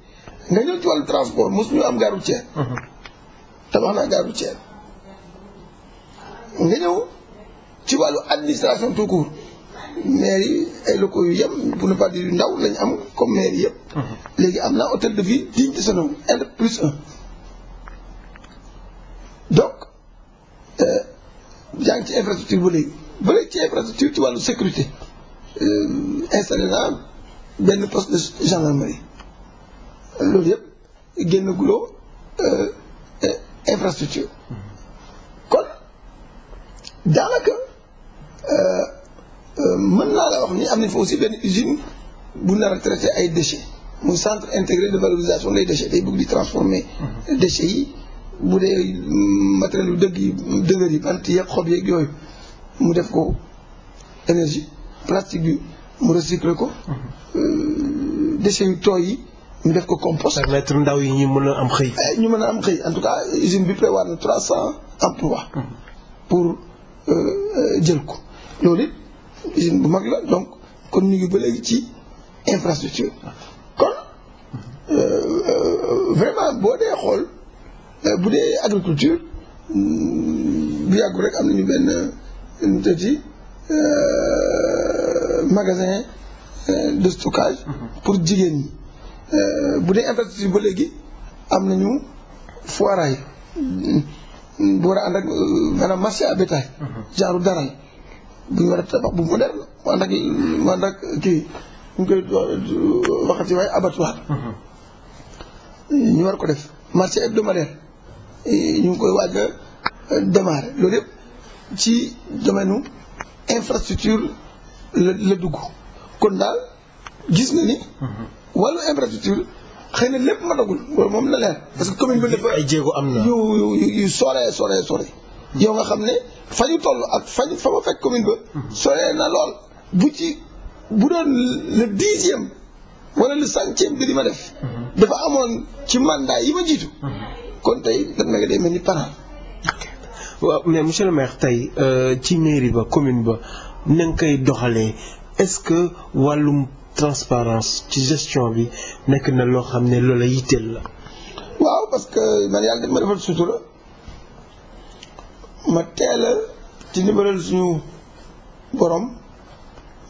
nga ñëw ci wàllu transport mosu ñu am gare routière uh-huh. tabax naa gare routière nga ñëw ci wàllu administration tout court maire ay locaux yu yem pour ne pas yu ndaw lañu am comme maire yi yëpp. Mhm. léegi am naa hôtel de ville digne de son nom L plus un. donc euh, yaa ngi ci infrastructure ba léegi ba léegi ci infrastructure ci wàllu sécurité euh, installé naa benn poste de gendarmerie loolu yëpp génn guloo euh, infrastructure. Mhm. am nañ fa aussi benn usine bu nar a ay déchets muy centre intégré de valorisation des déchets day bëgg di transformer mhm. déchets yi bu dee matériel yu dëgg yi dëgër yi bant yeeg xob yeeg yooyu mu def ko énergie plastique bi mu recycler ko mhm. euh, déchets yu tooy yi ñu def ko compost. permettre ndaw yi ñu mën a am xëy. Eh, ñu mën a am xëy en tout cas usine bi prévoir na trois cent emplois mhm. pour euh, euh, jël ko loolu usine bu mag la kon ñu ngi ba léegi ci infrastructure kon euh, euh, vraiment boo dee xool euh, bu dee agriculture mm, bu yàggul rek am nañu benn nu tëddi magasin de stockage mm-hmm. pour jigéen ñi bu dee infrastructure ba léegi am nañu foiraay mm, mm, bu war a ànd ak maanaam marché à bétail genre mm-hmm. daral bu war a tabax bu moderne mu ànd ak mu ànd ak kii ñu koy waxati waaye abattoir. ñu war ko def marché de hebdomadaire ñu ngi koy waaj a démarrer loolu yëpp ci domaine infrastructure la la dugg kon daal gis na ni. wàllu infrastructure xëy na lépp matagul loolu moom na leer parce que commune bi dafa ay jéego am na yu yu yu sore sore sore hmm. yow nga xam ne fa ñu toll ak fa ñu fa ma fekk commune ba. Hmm. sore na lool. bu ci bu doon le dixième wala le centième bi di ma def. Mhm. dafa amoon ci mandat yi ma jiitu. Mhm. kon tey daf nga day mel ni parent. waaw mais monsieur le maire tey euh, ci mairie ba commune ba na nga koy doxalee est-ce que wàllum transparence ci gestion bi nekk na loo xam ne loola yitteel la. waaw parce que man yàlla def ma defal sutura ma teel ci ndimbalal suñu borom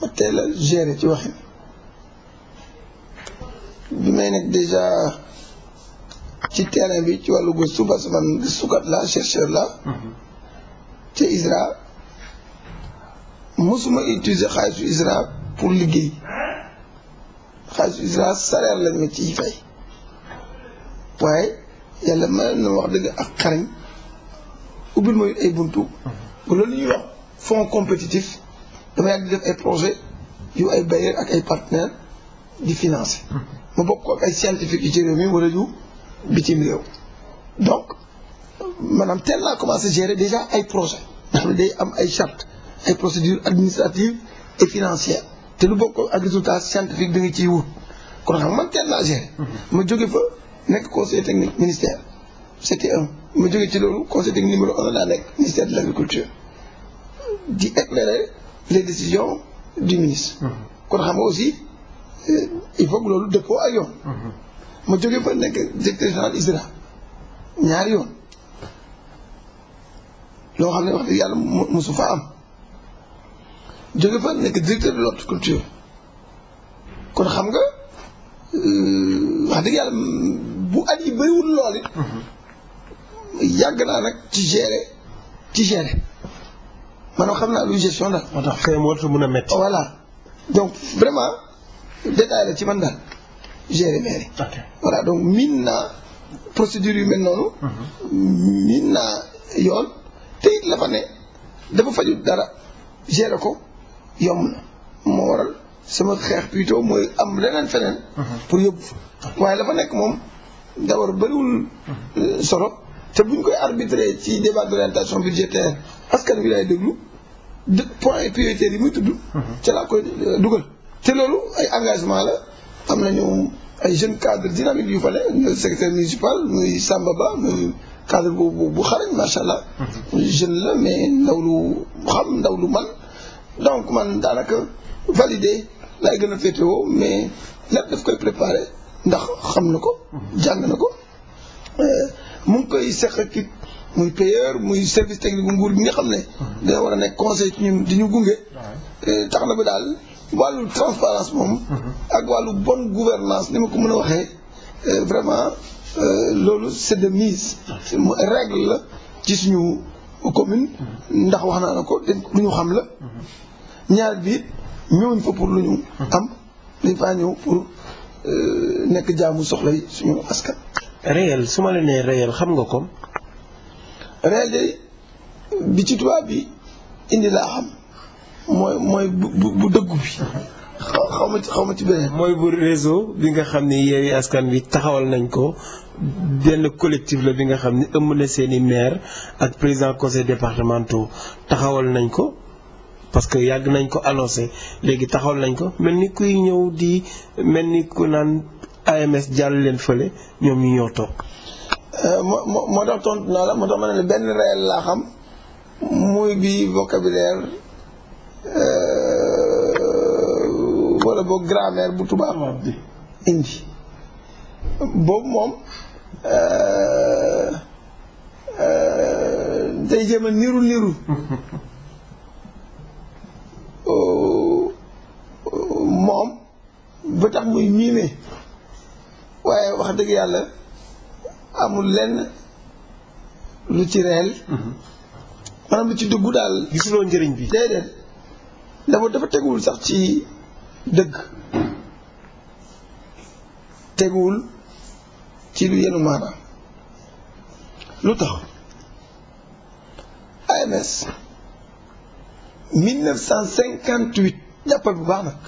ma teel a ci waxin bi may nekk déjà ci terrain bi ci wàllu gëstu parce que man gëstukat la chercheur la ci mhm. ISRA mosuma utiliser xaalisu ISRA pour liggéey xaalisu ISRA salaire lañ ma ciy fay waaye yàlla ma na wax dëgg ak xarañ ubbil mooy ay buntu mhm. bu loolu ñuy wax fonds compétitif dama yàgg di def ay projet yu ay bailleurs ak ay partenaires di financer. ma bokk ak ay scientifique yu ci réew mi wala yu bitim réew. donc maanaam teel naa commencé gérer déjà ay projet nga xam ne day am ay chartes ay procédures administratives et financières te lu bokk ak résultat scientifique bi nga ci wut kon xam man teel naa gérer. ma jóge fa nekk conseil technique ministère. c'était un ma jóge ci loolu conseil technique numéro un laa nekk ministère de l'agriculture di les décision du ministre. Mm-hmm. kon xam nga aussi euh, il faut que loolu dëppoo ak yoon. Mm-hmm. ma jógee fa nekk directeur général ISRA ñaari yoon loo xam ne wax dëgg yàlla mosu fa am jóge fa nekk directeur de l'horticulture kon xam nga euh, wax dëgg yàlla bu at yi bëriwul lool it. Mm-hmm. yàgg naa nag ci gérer ci gérer. maanaam xam naa luy gestion daal. moo tax xëy na mën a métti. voilà donc vraiment détail la ci man daal gérer mairie. ok voilà donc miin naa procédure yu mel noonu. Mhm. miin naa yoon te it la fa ne dafa fajut dara gérer ko yomb na moo waral sama xeex plutôt mooy am leneen feneen. Mhm. pour yóbbu fa waaye la fa nekk moom d'abord bëriwul mhm. euh, solo te buñ koy arbitrer ci débat d'orientation budgétaire askan wi lay déglu. de points prioritaires yi muy tudd. ca laa koy dugal. te loolu ay engagement la am nañu ay jeunes cadres dynamiques yu fa ne muy secrétaire municipal muy Samba Ba muy cadre bu bu xarañ macha allah. jeune la mais ndaw lu xam ndaw lu man donc man daanaka validé laay gën a féetewoo mais lépp daf koy préparé ndax xam na ko. jàng na ko euh, mu koy seq ak muy payeur muy service technique bu nguur gi nga xam ne. dina war a nekk conseil ci ñun di ñu gunge. Eh, tax na ba daal wàllu transparence moom. Mm-hmm. ak wàllu bonne gouvernance ni ma ko mën a waxee eh, vraiment eh, loolu c'est de mise. règle la ci suñu commune. Mm-hmm. ndax wax naa ne ko lu ñu xam la. Mm-hmm. ñaar bi ñëwuñ fa pour lu ñu am luñ faa ñëw pour nekk jaamu soxla yi suñu askan. réel su ma la nee xam nga ko. réalité bi ci tubaab bi indi laa xam mooy mooy bu bu dëggu bi xaw ma ci xaw ma ci beneen. mooy bu réseau bi nga xam ni Yewwi Askan Wi taxawal nañ ko benn collectif la bi nga xam ni ëmb na seen i maire ak président conseil départemental taxawal nañ ko parce que yàgg nañ ko annoncé léegi taxawal nañ ko mel ni kuy ñëw di mel ni ku naan AMS jàll leen fële ñoom ñu ñëw toog. Euh, moo moo tax tontu naa la moo tax ma ne la benn réel laa xam muy bii vocabulaire euh, wala boog grammaire bu tubaab indi boobu moom euh, day jéem niru niru moom ba tax muy miime waaye wax dëgg yàlla amul lenn lu ci réel. Mhm. maanaam lu ci dugg daal. gisuloo njëriñ bi. déedéet dafa dafa teguwul sax ci dëgg teguwul ci lu yenu maanaam lu tax AMS 1958 jàppal bu baax nag.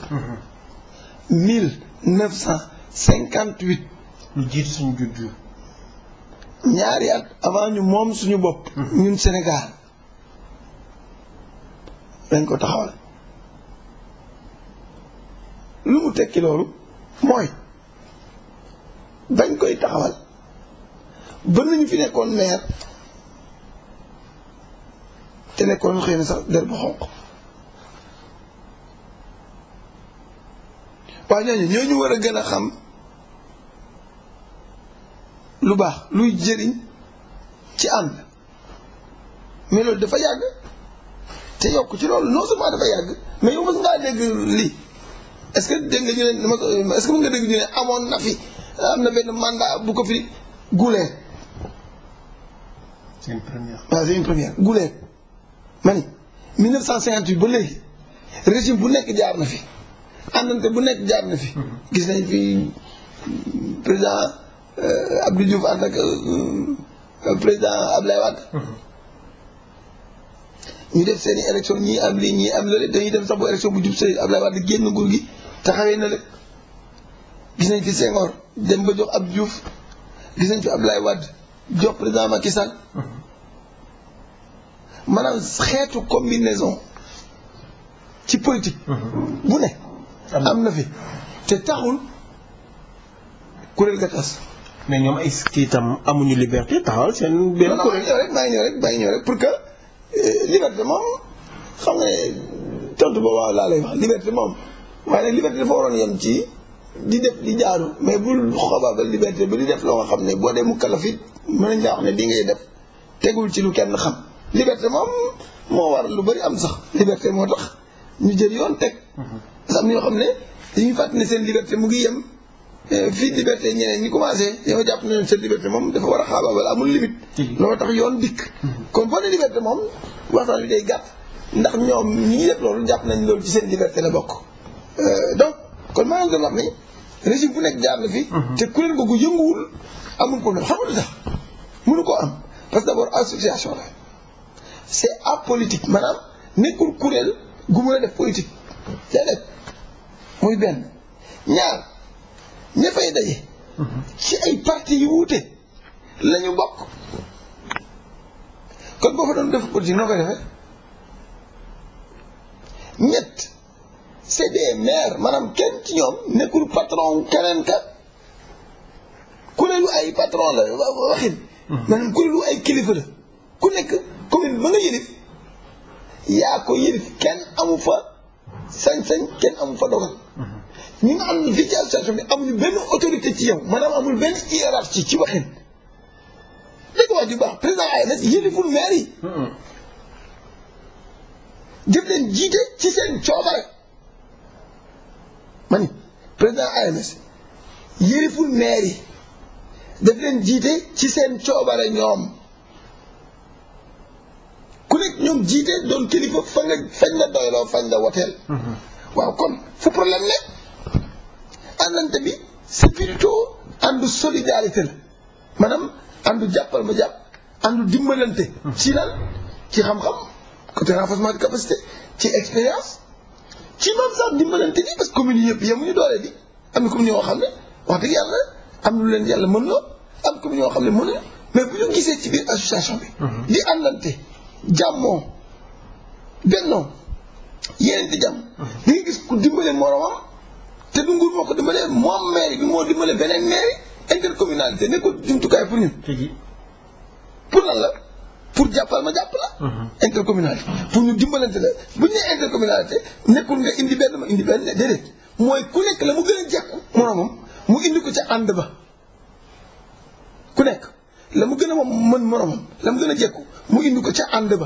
1958. Mhm. lu jiitu suñu juddu. ñaari at avant ñu moom suñu bopp. ñun Sénégal dañ ko taxawal. lu mu tekki loolu mooy bañ koy taxawal ba nañu fi nekkoon maire te nekkoon xëy sax der bu xonq waaw ñooñu ñooñu war a gën a xam. lu baax luy jëriñ ci ànd mais loolu dafa yàgg te yokk ci loolu non seulement dafa yàgg mais yow mos ngaa dégg lii est-ce que dégg nga ñu ne est amoon na fi am na benn mandat bu ko fi guulee. c'est une première waaw c'est une première guulee ma ba léegi régime bu nekk jaar na fi àndante bu nekk jaar na fi. Mm-hmm. gis nañ fi président. Euh, Abdou Diouf ànd ak euh, président Ablaye Wade. ñu def seen i élection ñii am lii ñii am lële dañuy dem sax bu élection bu jub see Ablaye Wade génn nguur gi taxawee na le gis nañ fi Senghor dem ba jox ab juuf gis nañ fi Ablaye Wade jox président Macky Sall. maanaam xeetu combinaison ci politique. bu ne. am na fi te taxul kuréel ga mais ñoom ay kii itam amuñu liberté taxawal seen. benn kuréel non rek bàyyi ñëw rek bàyyi ñëw rek pour que euh, liberté moom xam nga tontu booba laa lay wax liberté moom waaye nag ci di def mais bul ba di def loo xam ne boo dee mu kalafit mën nañ ne di ngay def tegul ci lu kenn xam liberté moom moo war lu bëri am sax liberté moo tax ñu jël yoon teg. Mhm. am na yoo xam ne dañuy fàttali ne seen liberté mu ngi yem. fii eh, liberté ñeneen ñi commencé yow jàpp nañu seen liberté moom dafa war a xaabaabal amul limite. loolu tax yoon dikk. Mhm. kon boo ne liberté moom waxtaan bi dee gàtt ndax ñoom ñi ngi def loolu jàpp nañ loolu ci seen liberté la bokk. Eh, donc kon maa ngi doon wax ni régime bu nekk jaar na fi. Mhm. te kuréel googu yënguwul amul problème xam nga lu tax ko am parce que war association la c'est apolitique maanaam nekkul kuréel gu mën a def politique. déedéet muy benn ñaar. ña fay daje. ci ay parti yu wuute la bokk. kon boo fa doon def politique noo koy defee ñett c'est de maires maanaam kenn ci ñoom nekkul patron keneen ka kuréelu ay patron la waxin. maanaam kuréelu ay kilifa la ku nekk commune ba nga yëlif yaa ko yëlif kenn amu fa sañ-sañ kenn amu fa dogal. ñi nga am ne situation bi amuñu benn autorité ci yow maanaam amul benn hiérarchie ci waxin dëgg wax ju baax président ANS yëliful maire yi def leen jiite ci seen coobare ma président ANS yëliful yi daf leen jiite ci seen coobare ñoom ku nekk ñoom jiite doon kilifa fa nga fañ la doyloo fañ la woteel mm-hmm. waaw kon fu problème ne àndante bi c'est plutôt àndu solidarité la maanaam àndu jàppal ma jàpp àndu dimbalante. ci lan ci xam-xam côté renforcement de capacité ci expérience ci même sax dimbalante bi parce que communes yëpp yemuñu doole di am na communes yoo xam ne wax dëgg yàlla am lu leen yàlla mën la am communes yoo xam ne mënuñu mais bu ñu gisee ci biir association bi. Mhm. di àndante jàmmoo bennoo yeneen di jàmm. Mhm. di nga gis ku dimbale moroomam. te du nguur moo ko dimbalee moom mairie bi moo dimbale beneen mairie intercommunalité ne ko jumtukaay pour pour lan la pour jàppal ma jàpp la. Mhm. intercommunalité pour ñu dimbalante la bu ñu nee intercommunalité nekkul nga indi benn ma indi benn déedéet mooy ku nekk la mu gën a jekku moromam mu indi ko ca ànd ba ku nekk la mu gën a moom mën moromam la mu gën a jekku mu indi ko ca ànd ba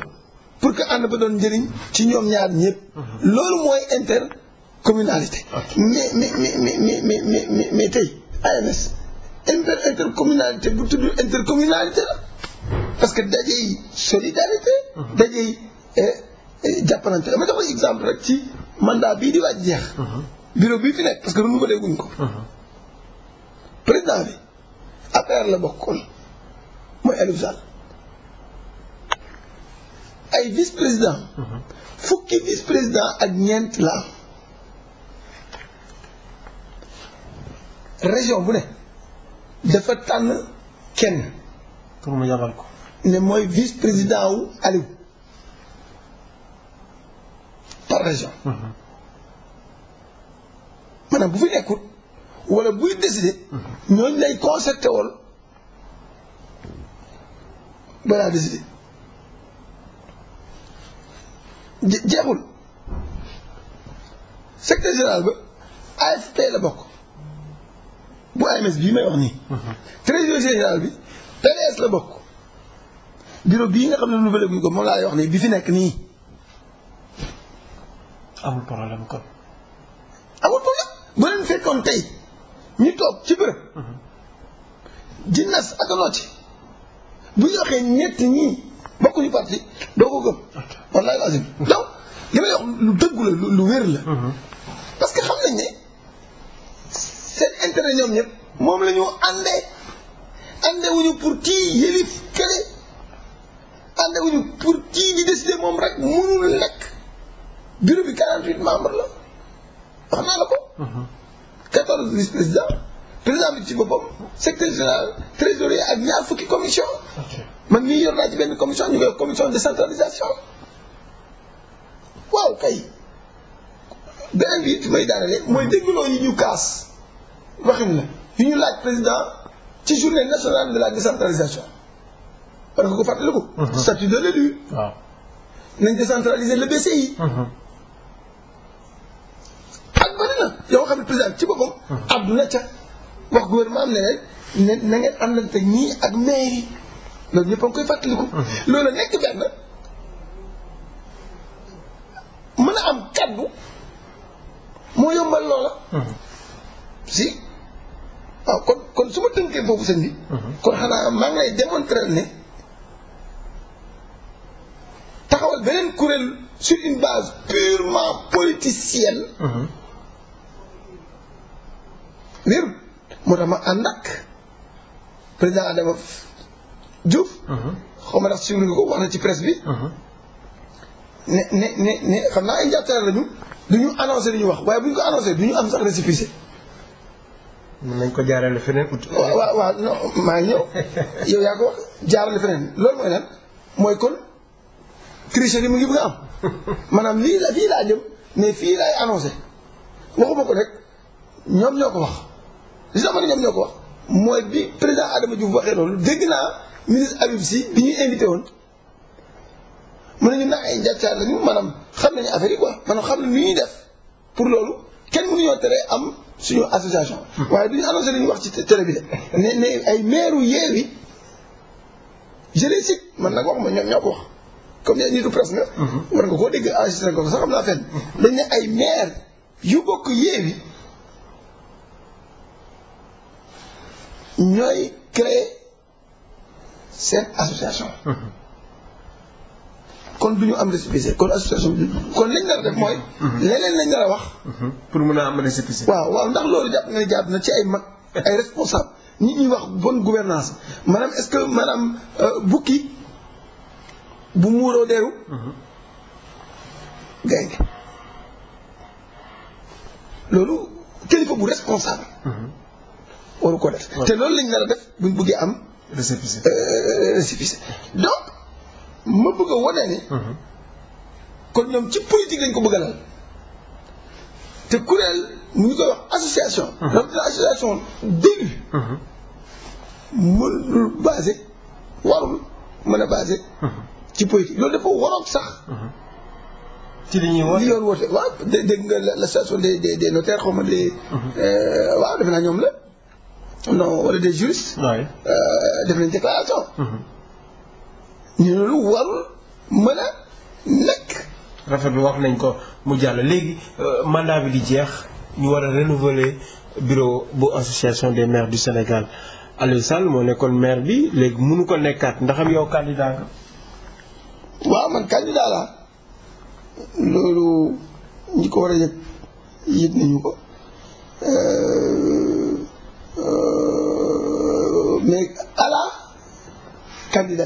pour que ànd ba doon njëriñ ci ñoom ñaar ñëpp. Mhm. loolu mooy inter. communalité. mais mais mais mais mais mais mais mais tey ANS inter intercommunalité bu tudd intercommunalité la parce que daje yi solidarité. Mhm. daje yi eh, eh, jàppalante dama jox exemple rek ci mandat bii di waaj jeex. Mhm. bureau bii fi nekk parce que renouvelé guñ ko. Mhm. président bi APR la bokkoon mooy Aliou Sall ay vice président. fukki vice président ak ñeent la am. région bu ne dafa tànn kenn. pour ko. ne mooy vice président wu Aliou par région. Mhm. maanaam bu fi nekkut walla buy décider. Mhm. ñooñu lay concerté woon balaa décider jeexul secrétaire général ba AFP la bokk. bu AMS bii may wax nii. trésorier général bi PDS la bokk. bureau bii nga xam ne renouvelé guñ ko moom laa lay wax nii bi fi nekk nii. amul problème kon. bu fekkoon tey ñu toog ci bërëb. di nas ak noo ci bu ñu waxee ñett bokkuñu parti doo ko gëm. wallaahi lazim donc li may wax lu dëggu la lu wér la. Mhm. parce que xam nañ intérêt ñoom ñëpp moom la ñu àndee ànde wuñu pour kii yëlif kële ànde wuñu pour kii di décider moom rek mënul lekk bureau bi 48 membres la wax naa la ko 14 mhm. vice président président bi ci boppam secrétaire général trésorier ak ñaar fukki commission man mii yor naa ci benn commission ñu koy commission décentralisation waaw kay beneen bi it may daanale mooy dégloo yi ñu kaas waxin la yu ñu laaj président ci journée nationale de la décentralisation parce que ko fàttaliku. Mhm. statut de l'élu waaw nañ décentraliser le BCI. Mhm. ak bëri na yoo xam ne président ci boppam. addu mhm. na ca wax gouvernement am ne rek ne na ngeen àndante ak maire yi loolu ñëpp a ngi koy fàttaliku. loolu nekk benn mën a am kaddu moo yombal loola. si waaw kon kon su ma tënkee foofu sëñ bi. Mhm. kon xanaa maa ngi lay démontrer ne taxawal beneen kuréel sur une base purement politicienne. Mhm. wéru moo tax ma ànd ak président Adama Diouf. Mhm. xaw ma ndax suivre nga ko wax na ci presse bi. ne ne ne ne xam naa ay njàttaar lañu du ñu annoncé li ñu wax waaye bu ñu ko annoncé du ñu am sax récépissé. mën nañ ko jaarale feneen. waaw waaw waaw non maa ngi ñëw yow yaa ko wax jaarale feneen loolu mooy lan mooy kon tricherie mu ngi bëgg am maanaam lii la fii laa jëm mais fii laay annoncé waxuma ko rek ñoom ñoo ko wax li tax ma ko wax mooy bi président Adama Diouf waxee loolu dégg naa ministre Habib Sy bi ñuy invité woon mu ne ñu nag ay njàccaar lañu maanaam xam nañu affaire yi quoi xam nañu lu ñuy def pour loolu kenn mënuñoo tere am. suñu association. waaye duñu annoncé li ñu wax ci télé bi de ne ne ay maire Yewwi je les man nag wax ma ñoom ñoo ko wax comme ni nitu presse nga. Mm-hmm. war nga koo dégg enregistré ko sax xam naa fenn. Mm-hmm. dañ ne ay maire yu bokk Yewwi ñooy créer seen association. Mm-hmm. kon du ñu am récépissé kon association kon lañ nar a def mooy. Mhm. leneen lañ nar a wax. Mhm. pour a am récépissé. waaw waaw ndax loolu jàpp na jàpp na ci ay mag ay responsable nit ñuy wax bonne gouvernance maanaam est-ce que maanaam euh, bukki bu muuroo deeru. Mhm. gaynde loolu kilifa bu responsable. waru ko def te loolu lañ nar a def buñ bëggee am. récépissé euh, récépissé donc. ma bëgg a ni. Mhm. kon ñoom ci politique lañ ko bëgg a lal te kuréel mu ñu koy wax association. rawatina mhm. association d'élus. mënul mhm. basé warul mën loolu dafa waroon sax. ci li ñuy woote li yoon woote waaw dégg nga la station des des des notaires xaw ma des. Euh, waaw defe naa ñoom la non wala des juristes. waaw euh, def nañ déclaration. ñu loolu war mën a nekk. rafet bi wax nañ ko mu jàll léegi euh, mandat bi di jeex ñu war a renouveler bureau bu association des maires du Sénégal Aliou Sall moo nekkoon maire bi léegi mënu ko nekkaat ndax am yow candidat nga. waaw loolu ñi ko war a yëg yëg nañu ko euh, euh, mais à la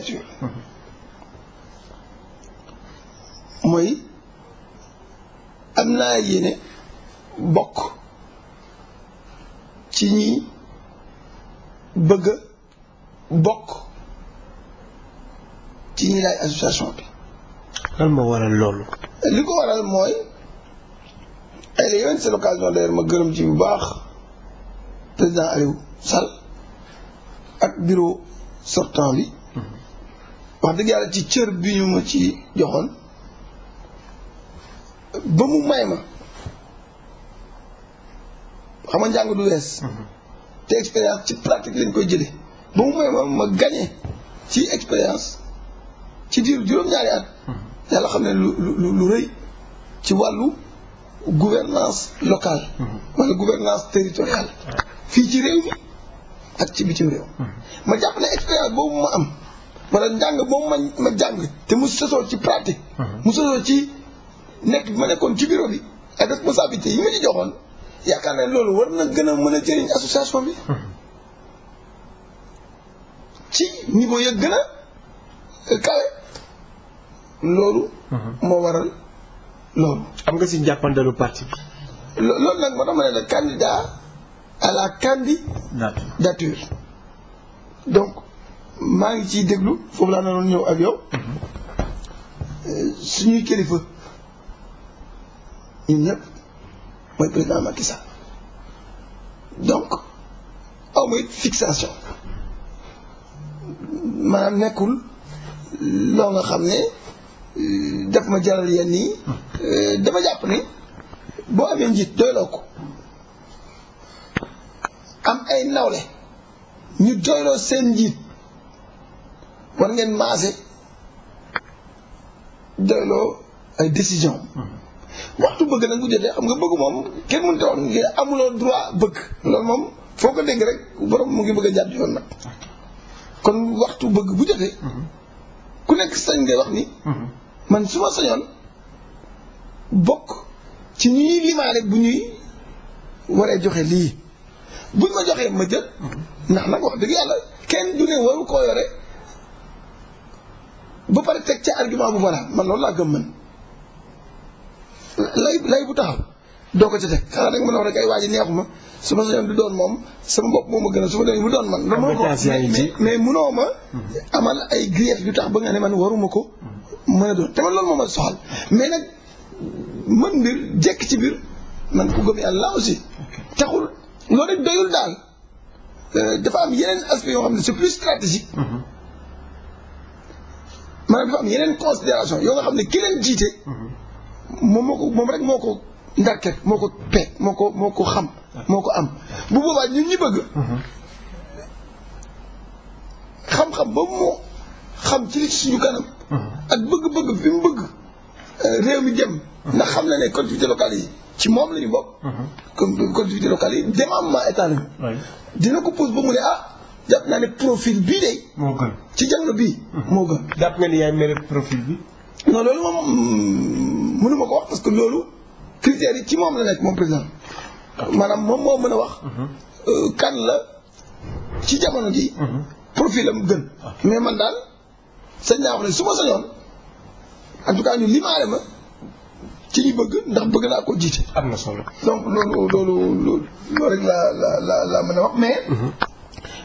mooy am naa yéene bokk ci ñi bëgg bokk ci ñi laay association bi. lan moo waral loolu. li ko waral mooy ay la yoon c'est l'occasion d'ailleurs ma gërëm ci bu baax président Aliou Sall ak bureau sortant bi. Mhm. wax dëgg yàlla ci cër bi ñu ma ci joxoon. ba mu may ma xam nga njàng du wees mhm. te expérience ci pratique lañ koy jële ba mu may ma ma gagné ci expérience ci diiru juróom-ñaari at mhm. yàlla xam ne lu lu lu rëy ci wàllu gouvernance locale mhm. wala gouvernance territoriale fii ci réew mi ak ci bitim réew ma jàpp ne expérience boobu ma am wala njàng boobu ma ma jàng te mu sosoo ci pratique mu sosoo ci nekk bi ma nekkoon ci bureau bi ak responsabilité yi ma ci joxoon yaakaar naa loolu war na gën a mën a jëriñ association bi ci niveau ya gën a kawe loolu moo waral loolu am nga si njàppandalu parti bi loolu nag moo tax ma ne la candidat à la candidature donc maa ngi ciy déglu foofu laa naroon ñëw ak yow mhm. euh, suñuy kilifa ñun ñëpp mooy président Macky Sall donc aw mooy fixation maanaam nekkul loo nga xam ne euh, daf ma jaral yenn yi euh, dama jàpp ni boo amee njiit doyloo ko am ay nawle ñu doyloo seen njiit war ngeen maase doyloo ay décision mm-hmm. waxtu bëgg nag bu jotee xam nga bëgg moom kenn mënut a wax ni amuloo droit bëgg loolu moom foo ko dégg rek borom mu ngi bëgg a jàdd yoon nag kon waxtu bëgg bu jotee ku nekk sañ ngay wax ni man su ma sañoon bokk ci ñuy limaale bu ñuy waree joxe lii buñ ma joxee ma jël ndax nag wax dëgg yàlla kenn du ne waru koo yore ba pare teg ca argument bu voilà man loolu laa gëm man lay lay bu taxaw doo ko ci teg xanaa nag mën a wax rek ay waa ji ma su ma sañoon du doon moom sama bopp moom ma gën a su ma doon mu doon man. am ko mais munoo ma. amal ay grief ba nga ne man waruma ko mën a doon te man loolu moo ma soxal mën mbir jekk ci biir man ku gëm yàlla aussi taxul loolu rek doyul daal euh, dafa am yeneen aspect yoo xam ne c'est plus stratégique. Mm-hmm. maanaam dafa am yeneen considération yoo nga xam ne ki leen jiite. Mm-hmm. moom moo ko moom rek moo ko ndarket moo ko pe moo ko moo ko xam moo ko am bu boobaa ñun ñi bëgg xam-xam ba moo xam ci li ci suñu kanam ak bëgg-bëgg fi mu bëgg euh, réew mi jëm ndax xam na ne collectivités locales yi ci moom la ñu bokk comme collectivités locales yi démembrement état lañu dina ko pose ba mu ne ah jàpp naa ne profil bii de. moo gën jàpp nga ni yaay mérite profil bi non loolu moom mënuma ko wax parce que loolu critères ci moom la nekk moom président maanaam moom moo mën a wax mhm. euh, kan la ci jamono ji mhm. profil am gën ah. mais man daal sañ naa wax ne su ma sañoon tout cas ñu limaale ma ci ñu bëgg ndax bëgg naa ko jiite. am na solo donc loolu loolu loolu rek laa la laa mën a wax mais. Mhm.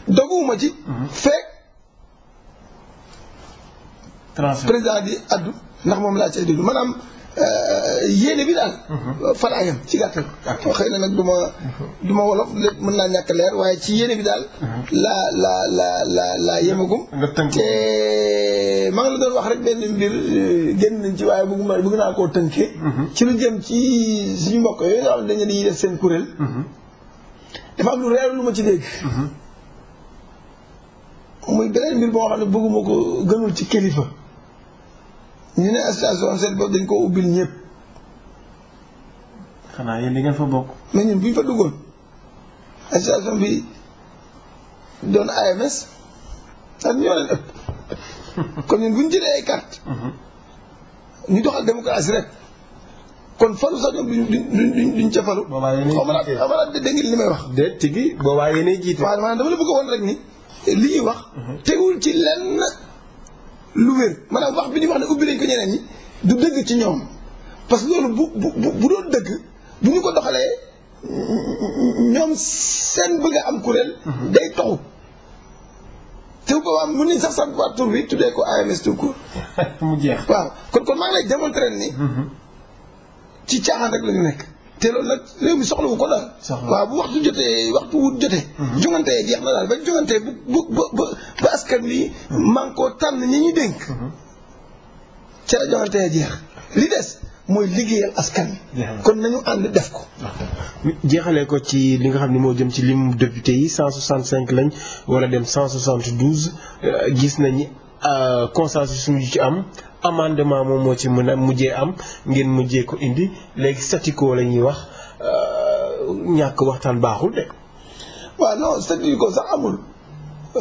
doguwuma ci. fekk. président di addu ndax moom laa cay déglu maanaam. Euh, yéene bi daal. Mhm. faraayam ci gàttal. xëy na nag du ma mhm. du wolof lépp mën naa ñàkk leer waaye ci yéene bi daal. Mhm. laa la la la laa yemagum. te maa ngi la wax rek benn mbir euh, génn nañ ci waaye bëgg ma bëgg naa koo tënkee. ci lu jëm ci suñu mbokk yooyu nga xam ne dañu dañuy seen kuréel. dafa am lu reer lu ma ci dégg. muy beneen mbir boo xam ne bëgguma ko gënul ci kilifa. ñu ne station seet boobu dañ koo ubbil ñëpp. xanaa yéen da fa bokk. mais ñun bu fa duggoon station bi doon AMS ak ñoo leen ëpp kon ñun bu ñu jëlee ay carte mhm. ñu doxal démocratie rek kon faru sax ñoom duñ duñ duñ ca faru. boobaa yéenay jiite xaw ma wax. déet tigi boobaa yéenay jiite. waaw maanaam dama la bëgg a woon rek ni li ñuy wax. Mhm. tegul ci lenn. lu wér a wax bi ñuy wax ne ubbi nañ ko ñeneen ñi du dëgg ci ñoom parce que loolu bu bu bu doon dëgg bu ñu ko doxalee ñoom seen bëgg a am kuréel. day taxu te bu am mun nañ sax sàmpuwaat tur bi tuddee ko AMS tout court. mu jeex waaw kon kon maa ngi lay démontrer ni. Mhm. ci caaxaan rek la nekk. te loolu nag réew soxlawu ko daal. waaw bu waxtu jotee waxtu wut jotee. Mhm. jongante jeex na daal ba jongante bu bu bu ba askan wi. Mhm. man koo tànn ñi ñu dénk. Mhm. ca la jeex li des. mooy liggéeyal askan kon nañu ànd def ko. jeexalee ko ci li nga xam ne moo jëm ci limu député yi 165 lañ wala dem 172 gis nañu euh, consensus suñu ci am amendement moom moo ci mën a mujjee am ngeen mujjee ko indi léegi statu quo la ñuy wax euh, ñàkk waxtaan baaxul de. waaw non statu sax amul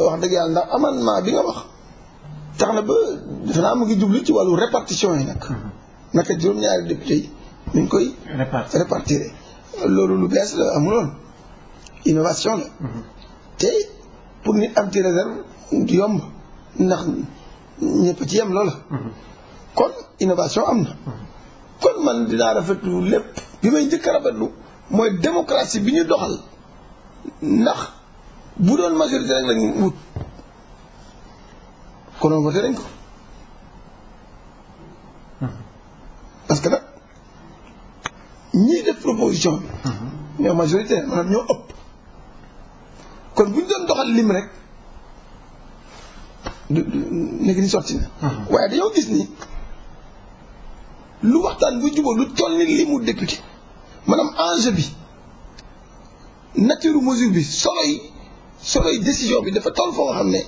wax dëgg yàlla ndax amendement bi nga wax tax na ba defe naa mu ngi jublu ci wàllu répartition yi nag. Mm-hmm. naka juróom-ñaari député yi ñu ngi koy. répartir loolu lu bees la amuloon innovation la. Mm-hmm. te pour ñëpp ci yem loola kon innovation am na kon man dinaa rafetlu lépp bi may njëkk a rafetlu mooy démocratie bi ñu doxal ndax bu doon majorité rek lañu wut que nag ñii def proposition kon bu ñu doxal lim rek du nekk ni sotti na waaye dañoo gis ni lu waxtaan bu jubóo lu toll ni li mu député maanaam enjeu bi nature mesure bi solo yi solo décision bi dafa toll foo xam ne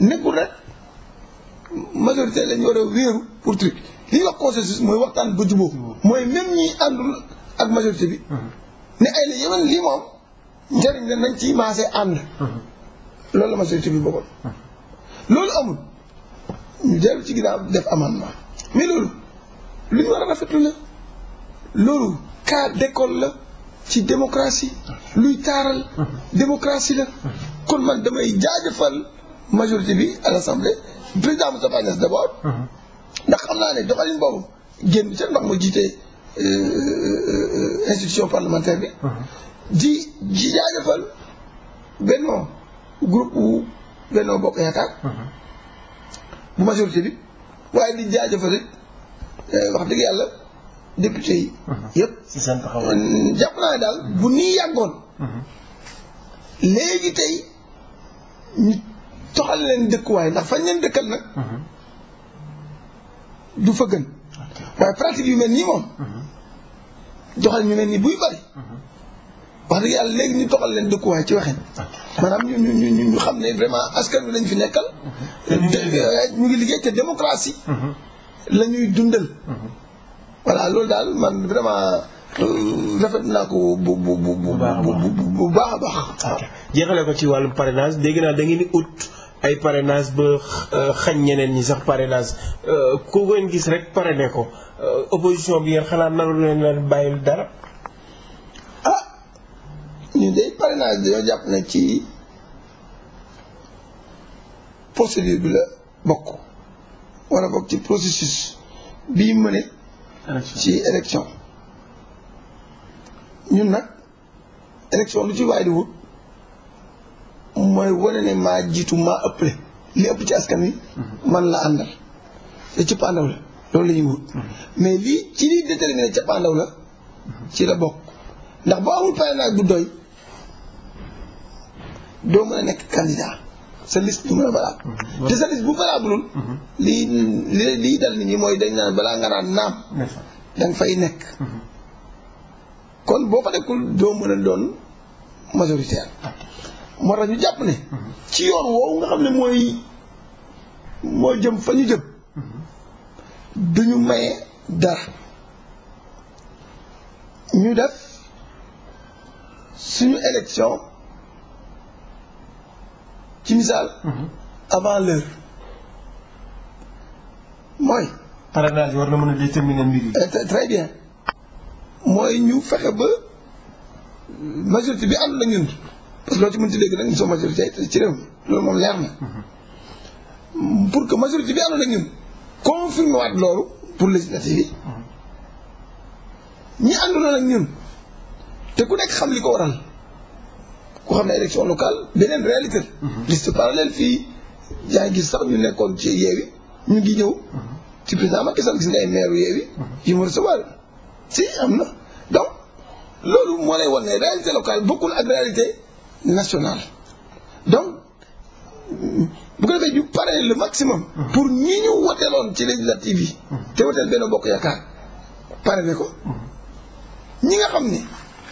nekkul rek majorité lañu war a wéeru pour truc li ñuy wax mooy waxtaan bu jubóo mooy même ñi àndul ak majorité bi ne ay la yemen lii moom la nañ ciy maase ànd loolu la majorité bi bokkoon loolu amul ñu dellu ci ginnaaw def amendement mais loolu lu war a rafetlu la loolu cas d'école la ci démocratie luy taaral démocratie la kon man damay jaajëfal majorité bi à l'assemblée président Moustapha Niasse d'abord naa ne doxalin boobu génn ca ndax mu jiite euh, euh, institution parlementaire bi di ji jaajëfal benn groupe Benno Bokk Yaakaar. Uh-huh. bu majorité bi waaye di jaajëfal it eh, wax dëgg yàlla député yi. Uh-huh. yëpp si seen taxawaay mm, jàpp naa ne daal bu nii yàggoon. Uh-huh. léegi tey ñu toxal leen dëkkuwaay ndax fañ leen dëkkal nag. du fa gën. waaye pratique yu mel nii moom. doxal ñu mel nii buy bari. wax dëgg yàlla léegi ñu toxal leen dëkkuwaay ci waxin maanaam ñu ñu ñu ñu xam ne vraiment askan wi lañ fi nekkal. ñu ngi liggéey te démocratie. Mm-hmm. la ñuy dundal. Mm-hmm. voilà loolu daal man vraiment euh, rafet naa ko bu bu bu bu bu baax a baax. jeexale ko ci wàllum parrainage dégg naa da ngeen di ut ay parrainage ba euh, xañ ñeneen ñi sax parrainage euh, ku ngeen gis rek parrainé ko opposition bi xalaat xanaa naru leen leen bàyyil dara. pare naa parrainage dañoo jàpp na ci procédure bi la bokk wala bokk ci processus bii mëne ci élection ñun nag élection lu ci waay di mooy wane ne maa jiitu maa ëpple li ëpp ci askan wi mhm. man la àndal te cappaandaw la loolu la ñuy mhm. mais lii ci lii déterminé cappaandaw la mhm. ci la bokk ndax boo amul naa bu doy doo mën a nekk candidat sa liste du mën a valable mhm. te sa liste bu valableul mhm. lii li lii dal nit ñi mooy dañ naan balaa nga naan naam da fay nekk mhm. kon boo fa nekkul doo mën a doon majoritaire ah. moo tax ñu jàpp ne ci yoon woowu nga xam ne mooy moo jëm fa ñu jëm du ñu maye dara ñu def suñu élection ci misaal. Mhm. avant l'heure mooy. parrainage war na mën a déterminer mbir yi. Eh, très bien mooy ñu fexe ba majorité bi ànd la ñun parce que loo ci mën ci dégg nag ñu soo majorité ci réew loolu moom leer na. Mhm. pour que majorité bi ànd la ñun confirmer waat loolu pour législative yi mhm. ñi àndoon ak ñun te ku nekk xam li ko waral. ku xam ne élection locale beneen réalité la. Mhm. liste parallèle fii yaa ngi sax ñu nekkoon ci yeewi ñu ngi ñëw. Mhm. ci président Macky Sall gis nga ay yeewi. Mhm. yu mu recevoir si am na donc loolu moo lay wan ne réalité locale bokkul ak réalité nationale donc bu ko defee ñu paree le maximum. pour ñi ñu woteeloon ci législative yi. te woteel benn bokk yaakaar pare ne ko ñi nga xam ni.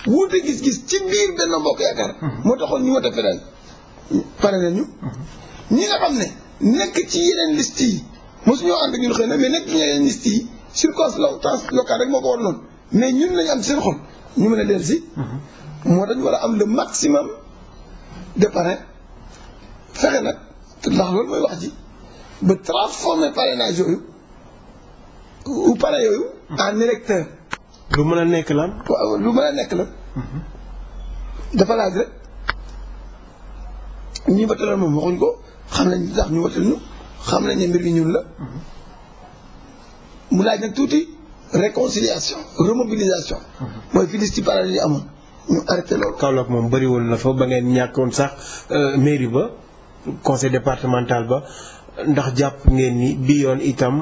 wuute gis-gis ci biir benn mbokk yaakaar. Hmm. moo taxoon ñu wote feneen. pare nañu. Hmm. ñi nga xam ne nekk ci yeneen list yi mosuñoo ànd ak ñun xëy na mais nekk ci yeneen liste yi circonstance locale rek moo ko war noonu mais ñun lañu am seen xol ñu mën a dellu si. Hmm. moo tax ñu war a am le maximum de parrain fexe nag ndax loolu mooy wax ji ba transformer parrainage yooyu ou yooyu en électeur. lu mën a nekk la. waaw lu mën a nekk la. dafa laaj rek ñi wataloon moom waxuñ ko xam nañ tax ñu watal ñu xam nañ ne mbir mi ñun la. mu laaj nag tuuti réconciliation remobilisation. mooy fi ci parallèle yi amoon ñu arrêté loolu. Kaolack moom bëri woon na fa ba ngeen woon sax euh, mairie ba conseil départemental ba ndax jàpp ngeen ni bi yoon itam.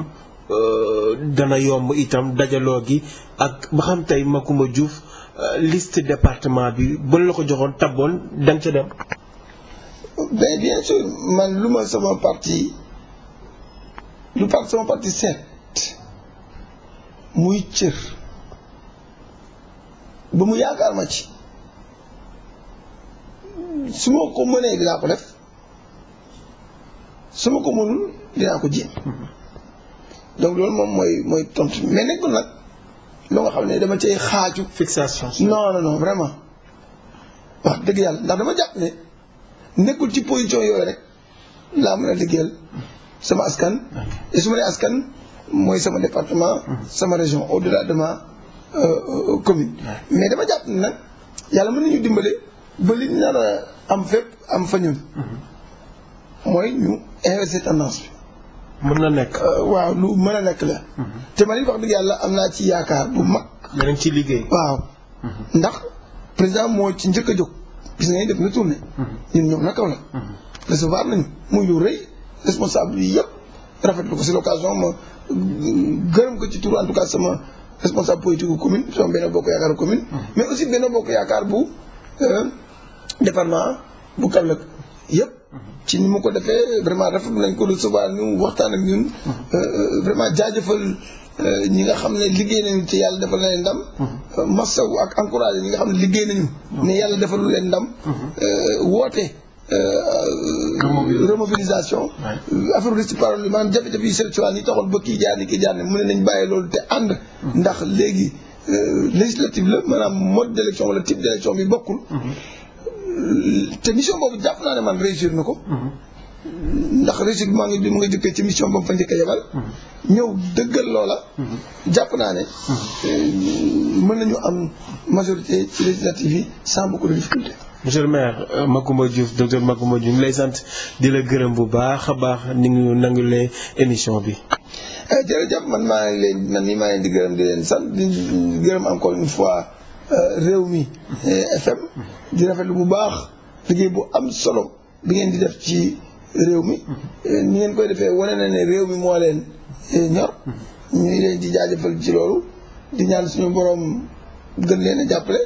Euh, dana yomb itam dajaloo gi ak ba xam tey Macoumba Diouf euh, liste département bi bën la ko joxoon tabboon da nga ca dem. mais bien sûr man lu ma sama parti lu parti sama parti seet muy cër ba mu yaakaar ma ci su ma ko mënee dinaa ko def su ma ko mënul dinaa ko jéem. Mm-hmm. donc loolu moom mooy mooy tontu mais nekkul nag loo nga xam ne dama cay xaaju. fixation non non non vraiment wax dëgg yàlla ndax dama jàpp ne nekkul ci position yooyu sama askan. et askan mooy sama département. Mm-hmm. sama région au delà de ma euh, euh, commune. mais dama jàpp ne nag yàlla mën nañu dimbale ba li ñu nar a am fépp am fa ñun. Mm-hmm. mooy ñu inverser tendance mën na nekk. Euh, waaw lu mën a nekk la. Mhm. te man it wax dëgg yàlla am naa ci yaakaar bu mag. danañ ci liggéey. waaw mhm. ndax président moo ci njëkk a jóg gis nga def na tournée. Mhm. ñun ñëw na kaw la. recevoir nañu muy lu rëy responsable yi rafet rafetlu ko si l'occasion ma mm, gërëm ko ci tur en tout cas sama responsable politique gu commune sama benn bokk yaakaar commune. mais aussi benn bokk yaakaar bu euh, département bu Kaolack yëpp. ci ni mu ko defee vraiment rafetlu nañ ko recevoir ñu waxtaan ak ñun. Mm-hmm. Euh, euh, vraiment jaajëfal euh, ñi nga xam ne liggéey nañu ci yàlla defal na leen ndam. Mm-hmm. masawu ak encouragé ñi nga xam ne liggéey nañu. Mm-hmm. ne yàlla defalu leen ndam. woote. remobilisation affaire risque parole maanaam jafe-jafe yu sexuel yi taxoon ba kii jaar ni kii jaar ne mu ne nañ bàyyi loolu te ànd ndax léegi législative la maanaam mode d' élection wala type d' élection bi bokkul te mission boobu jàpp naa ne man réussir na ko. Mhm. ndax réussite bi maa ngi mu ngi jëkkee ci mission ba mu fa njëkk a yebal. Mhm. ñëw dëggal loola. Mhm. jàpp naa ne. Euh, mën nañu am majorité ci législative yi sans beaucoup de difficulté. monsieur le maire euh, Macoumba Diouf docteur Macoumba Diouf ñu ngi lay sant di la gërëm bu baax a baax ni ngi nangulee émission bi. Eh, jërëjëf man maa ngi leen man mii maa leen di gërëm di leen sant di gërëm encore une fois. réew mi eh, FM di rafetlu bu baax liggéey bu am solo bi ngeen di def ci réew mi eh, ni ngeen koy defee wane na ne réew mi moo leen eh, ñor ñu leen di jaajëfal ci loolu di ñaan suñu boroom gën leen a jàppale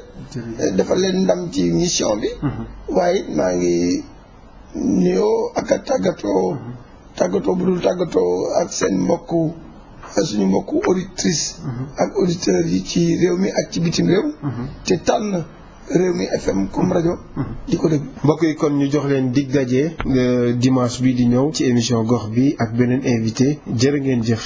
defal leen ndam ci mission bi mhm. waaye maa ngi nuyoo ak tàggatoo mhm. tàggatoo bu dul tàggatoo ak seen mbokku suñu mbokk auditrice mhm. ak auditeurs yi ci réew mi ak ci bitim réew mhm. te tànn réew mi FM comme rajo mhm. di côté dégg mbokk yi kon ñu jox leen dig daje euh, dimanche bi di ñëw ci émission gox bi ak beneen invité jërë ngeen jëf